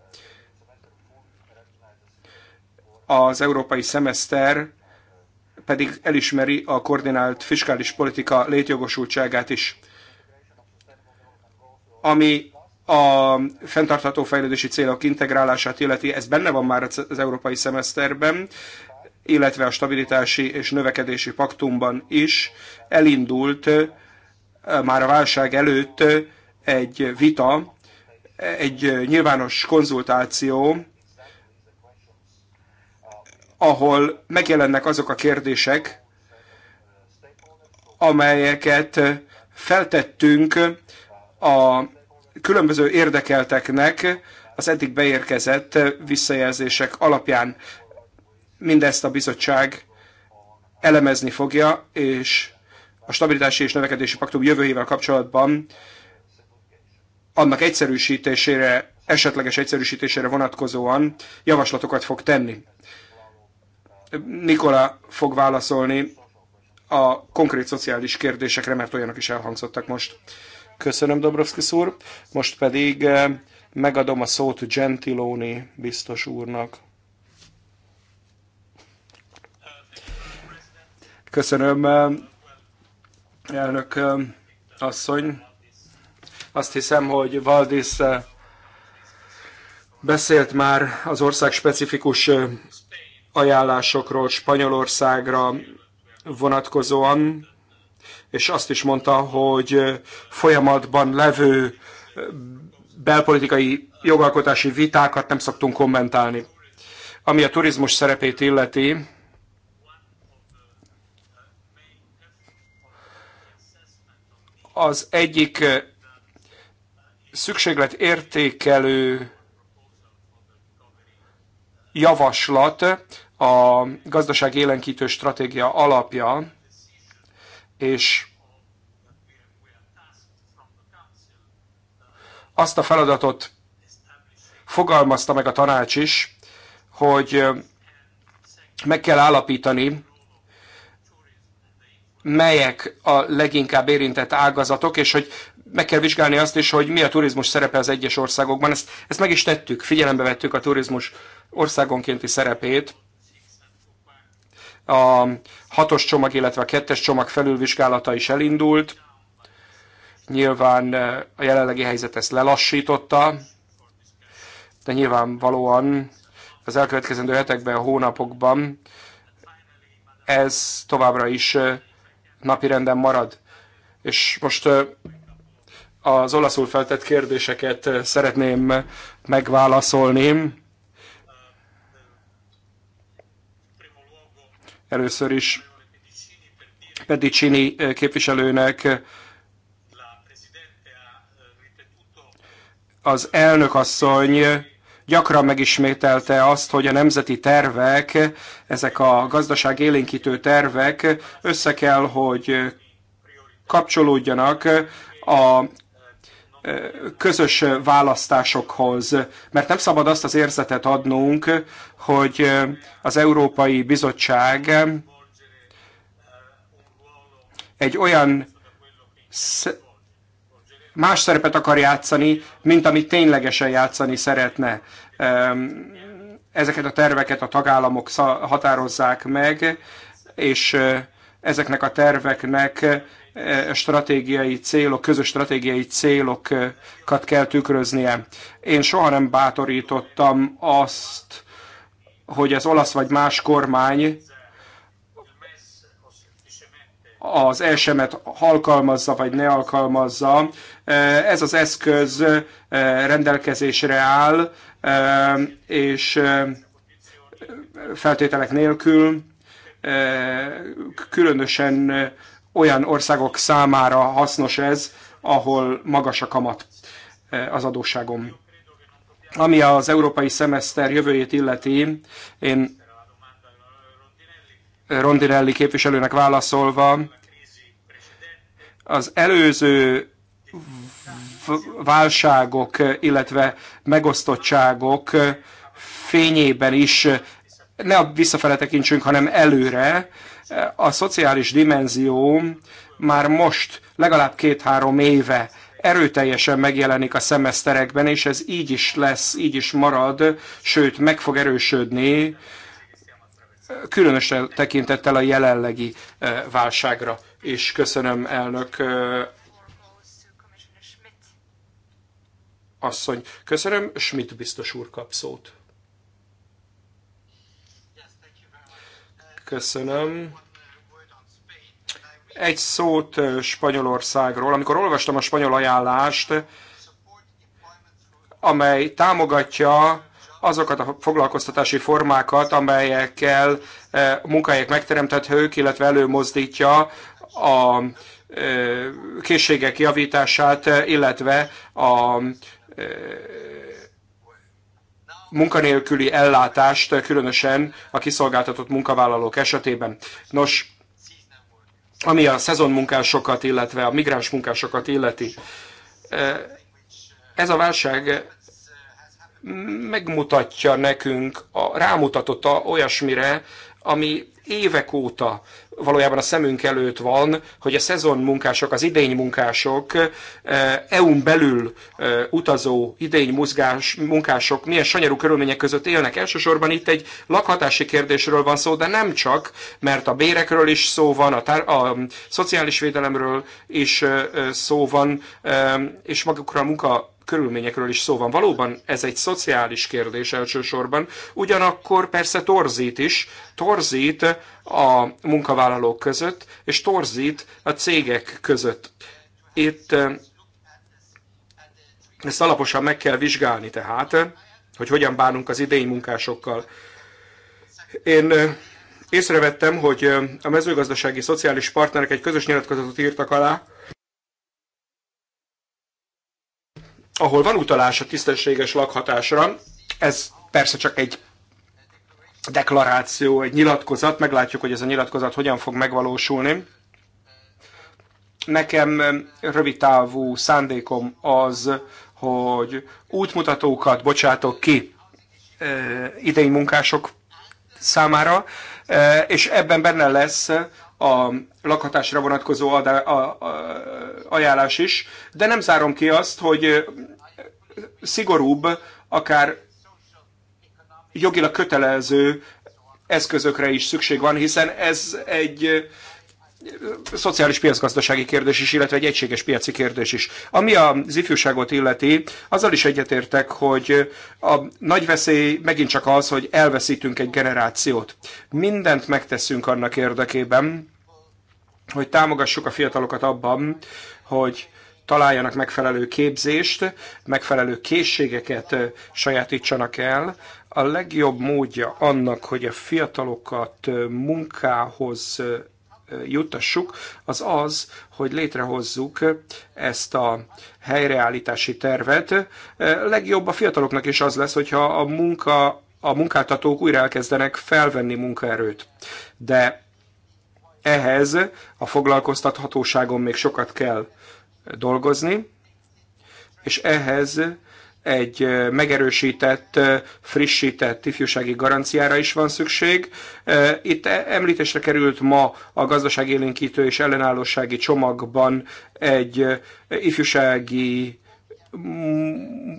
Az európai szemeszter pedig elismeri a koordinált fiskális politika létjogosultságát is, ami a fenntartható fejlődési célok integrálását illeti, ez benne van már az európai szemeszterben, illetve a stabilitási és növekedési paktumban is elindult már a válság előtt egy vita, egy nyilvános konzultáció, ahol megjelennek azok a kérdések, amelyeket feltettünk a különböző érdekelteknek az eddig beérkezett visszajelzések alapján. Mindezt a bizottság elemezni fogja, és a stabilitási és növekedési paktum jövőjével kapcsolatban annak egyszerűsítésére, esetleges egyszerűsítésére vonatkozóan javaslatokat fog tenni. Nikola fog válaszolni a konkrét szociális kérdésekre, mert olyanok is elhangzottak most. Köszönöm, Dobrovszki úr. Most pedig eh, megadom a szót Gentiloni biztos úrnak. Köszönöm, eh, elnök eh, asszony. Azt hiszem, hogy Valdis eh, beszélt már az ország specifikus ajánlásokról Spanyolországra vonatkozóan, és azt is mondta, hogy folyamatban levő belpolitikai jogalkotási vitákat nem szoktunk kommentálni. Ami a turizmus szerepét illeti, Az egyik eh, értékelő javaslat a gazdaság élenkítő stratégia alapja, és azt a feladatot fogalmazta meg a tanács is, hogy eh, meg kell állapítani melyek a leginkább érintett ágazatok, és hogy meg kell vizsgálni azt is, hogy mi a turizmus szerepe az egyes országokban. Ezt, ezt meg is tettük, figyelembe vettük a turizmus országonkénti szerepét. A hatos csomag, illetve a kettes csomag felülvizsgálata is elindult. Nyilván eh, a jelenlegi helyzet ezt lelassította, de nyilvánvalóan az elkövetkezendő hetekben, hónapokban ez továbbra is eh, napirenden marad. És most az olaszul feltett kérdéseket szeretném megválaszolni. Először is Pedicini képviselőnek az elnök asszony gyakran megismételte azt, hogy a nemzeti tervek, ezek a gazdaság élénkítő tervek össze kell, hogy kapcsolódjanak a e, közös választásokhoz, mert nem szabad azt az érzetet adnunk, hogy az Európai Bizottság egy olyan más szerepet akar játszani, mint amit ténylegesen játszani szeretne. Ezeket a terveket a tagállamok határozzák meg, és ezeknek a terveknek stratégiai célok, közös stratégiai célokat kell tükröznie. Én soha nem bátorítottam azt, hogy az olasz vagy más kormány az elsemet alkalmazza vagy ne alkalmazza, Eh, ez az eszköz eh, rendelkezésre áll, eh, és feltételek nélkül különösen olyan országok számára hasznos ez, ahol magas a kamat az adósságom. Ami az európai szemeszter jövőjét illeti, én Rondinelli képviselőnek válaszolva, az előző válságok, illetve megosztottságok fényében is ne a visszafele tekintsünk, hanem előre. A szociális dimenzió már most legalább két-három éve erőteljesen megjelenik a szemeszterekben, és ez így is lesz, így is marad, sőt, meg fog erősödni, különösen tekintettel a jelenlegi eh, válságra. És köszönöm, elnök eh, asszony. Köszönöm, Schmidt biztos úr kap szót. Köszönöm. Egy szót Spanyolországról. Amikor olvastam a spanyol ajánlást, amely támogatja azokat a foglalkoztatási formákat, amelyekkel munkahelyek megteremthetők, illetve előmozdítja a készségek javítását, illetve a munkanélküli ellátást, különösen a kiszolgáltatott munkavállalók esetében. Nos, ami a szezonmunkásokat, illetve a migráns munkásokat illeti, e, ez a válság megmutatja nekünk, a, rámutatott a, olyasmire, ami évek óta valójában a szemünk előtt van, hogy a szezon munkások, az idény munkások, EU-n eh, e belül eh, utazó idény mozgás, munkások milyen sanyarú körülmények között élnek. Elsősorban itt egy lakhatási kérdésről van szó, de nem csak, mert a bérekről is szó van, a, tár- a szociális védelemről is eh, szó van, és magukra a munka körülményekről is szó van. Valóban ez egy szociális kérdés elsősorban, ugyanakkor persze torzít is, torzít a munkavállalók között, és torzít a cégek között. Itt eh, ezt alaposan meg kell vizsgálni tehát, hogy hogyan bánunk az idény munkásokkal. Én eh, észrevettem, hogy eh, a mezőgazdasági szociális partnerek egy közös nyilatkozatot írtak alá, ahol van utalás a tisztességes lakhatásra, ez persze csak egy deklaráció, egy nyilatkozat, meglátjuk, hogy ez a nyilatkozat hogyan fog megvalósulni. Nekem rövidtávú szándékom az, hogy útmutatókat bocsátok ki idei munkások számára, és ebben benne lesz a lakhatásra vonatkozó adá, a, a, a, ajánlás is, de nem zárom ki azt, hogy szigorúbb, akár jogilag kötelező eszközökre is szükség van, hiszen ez egy szociális piacgazdasági kérdés is, illetve egy egységes piaci kérdés is. Ami az ifjúságot illeti, azzal is egyetértek, hogy a nagy veszély megint csak az, hogy elveszítünk egy generációt. Mindent megteszünk annak érdekében, hogy támogassuk a fiatalokat abban, hogy találjanak megfelelő képzést, megfelelő készségeket sajátítsanak el. A legjobb módja annak, hogy a fiatalokat munkához juttassuk, az az, hogy létrehozzuk ezt a helyreállítási tervet. Legjobb a fiataloknak is az lesz, hogyha a munka a munkáltatók újra elkezdenek felvenni munkaerőt. De ehhez a foglalkoztathatóságon még sokat kell dolgozni, és ehhez egy megerősített, frissített ifjúsági garanciára is van szükség. Itt e, említésre került ma a gazdaságélénkítő és ellenállósági csomagban egy ifjúsági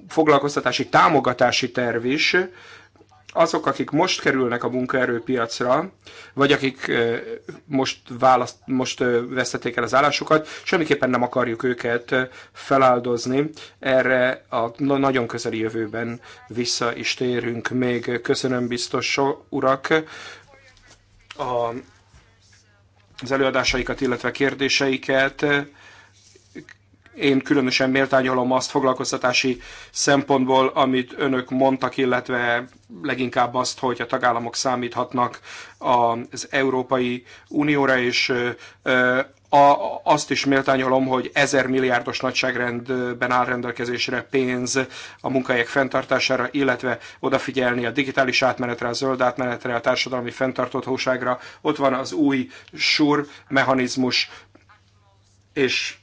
foglalkoztatási támogatási terv is, azok, akik most kerülnek a munkaerőpiacra, vagy akik most, választ, most vesztették el az állásukat, semmiképpen nem akarjuk őket feláldozni. Erre a nagyon közeli jövőben vissza is térünk még. Köszönöm biztos urak az előadásaikat, illetve kérdéseiket én különösen méltányolom azt foglalkoztatási szempontból, amit önök mondtak, illetve leginkább azt, hogy a tagállamok számíthatnak az Európai Unióra, és a, azt is méltányolom, hogy ezer milliárdos nagyságrendben áll rendelkezésre pénz a munkahelyek fenntartására, illetve odafigyelni a digitális átmenetre, a zöld átmenetre, a társadalmi fenntarthatóságra. Ott van az új SUR mechanizmus, és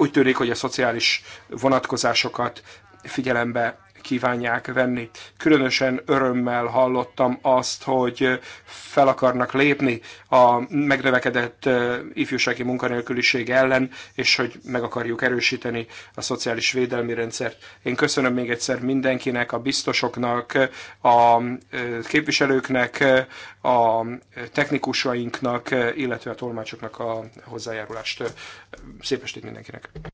úgy tűnik, hogy a szociális vonatkozásokat figyelembe kívánják venni. Különösen örömmel hallottam azt, hogy fel akarnak lépni a megnövekedett ifjúsági munkanélküliség ellen, és hogy meg akarjuk erősíteni a szociális védelmi rendszert. Én köszönöm még egyszer mindenkinek, a biztosoknak, a képviselőknek, a technikusainknak, illetve a tolmácsoknak a hozzájárulást. Szép estét mindenkinek!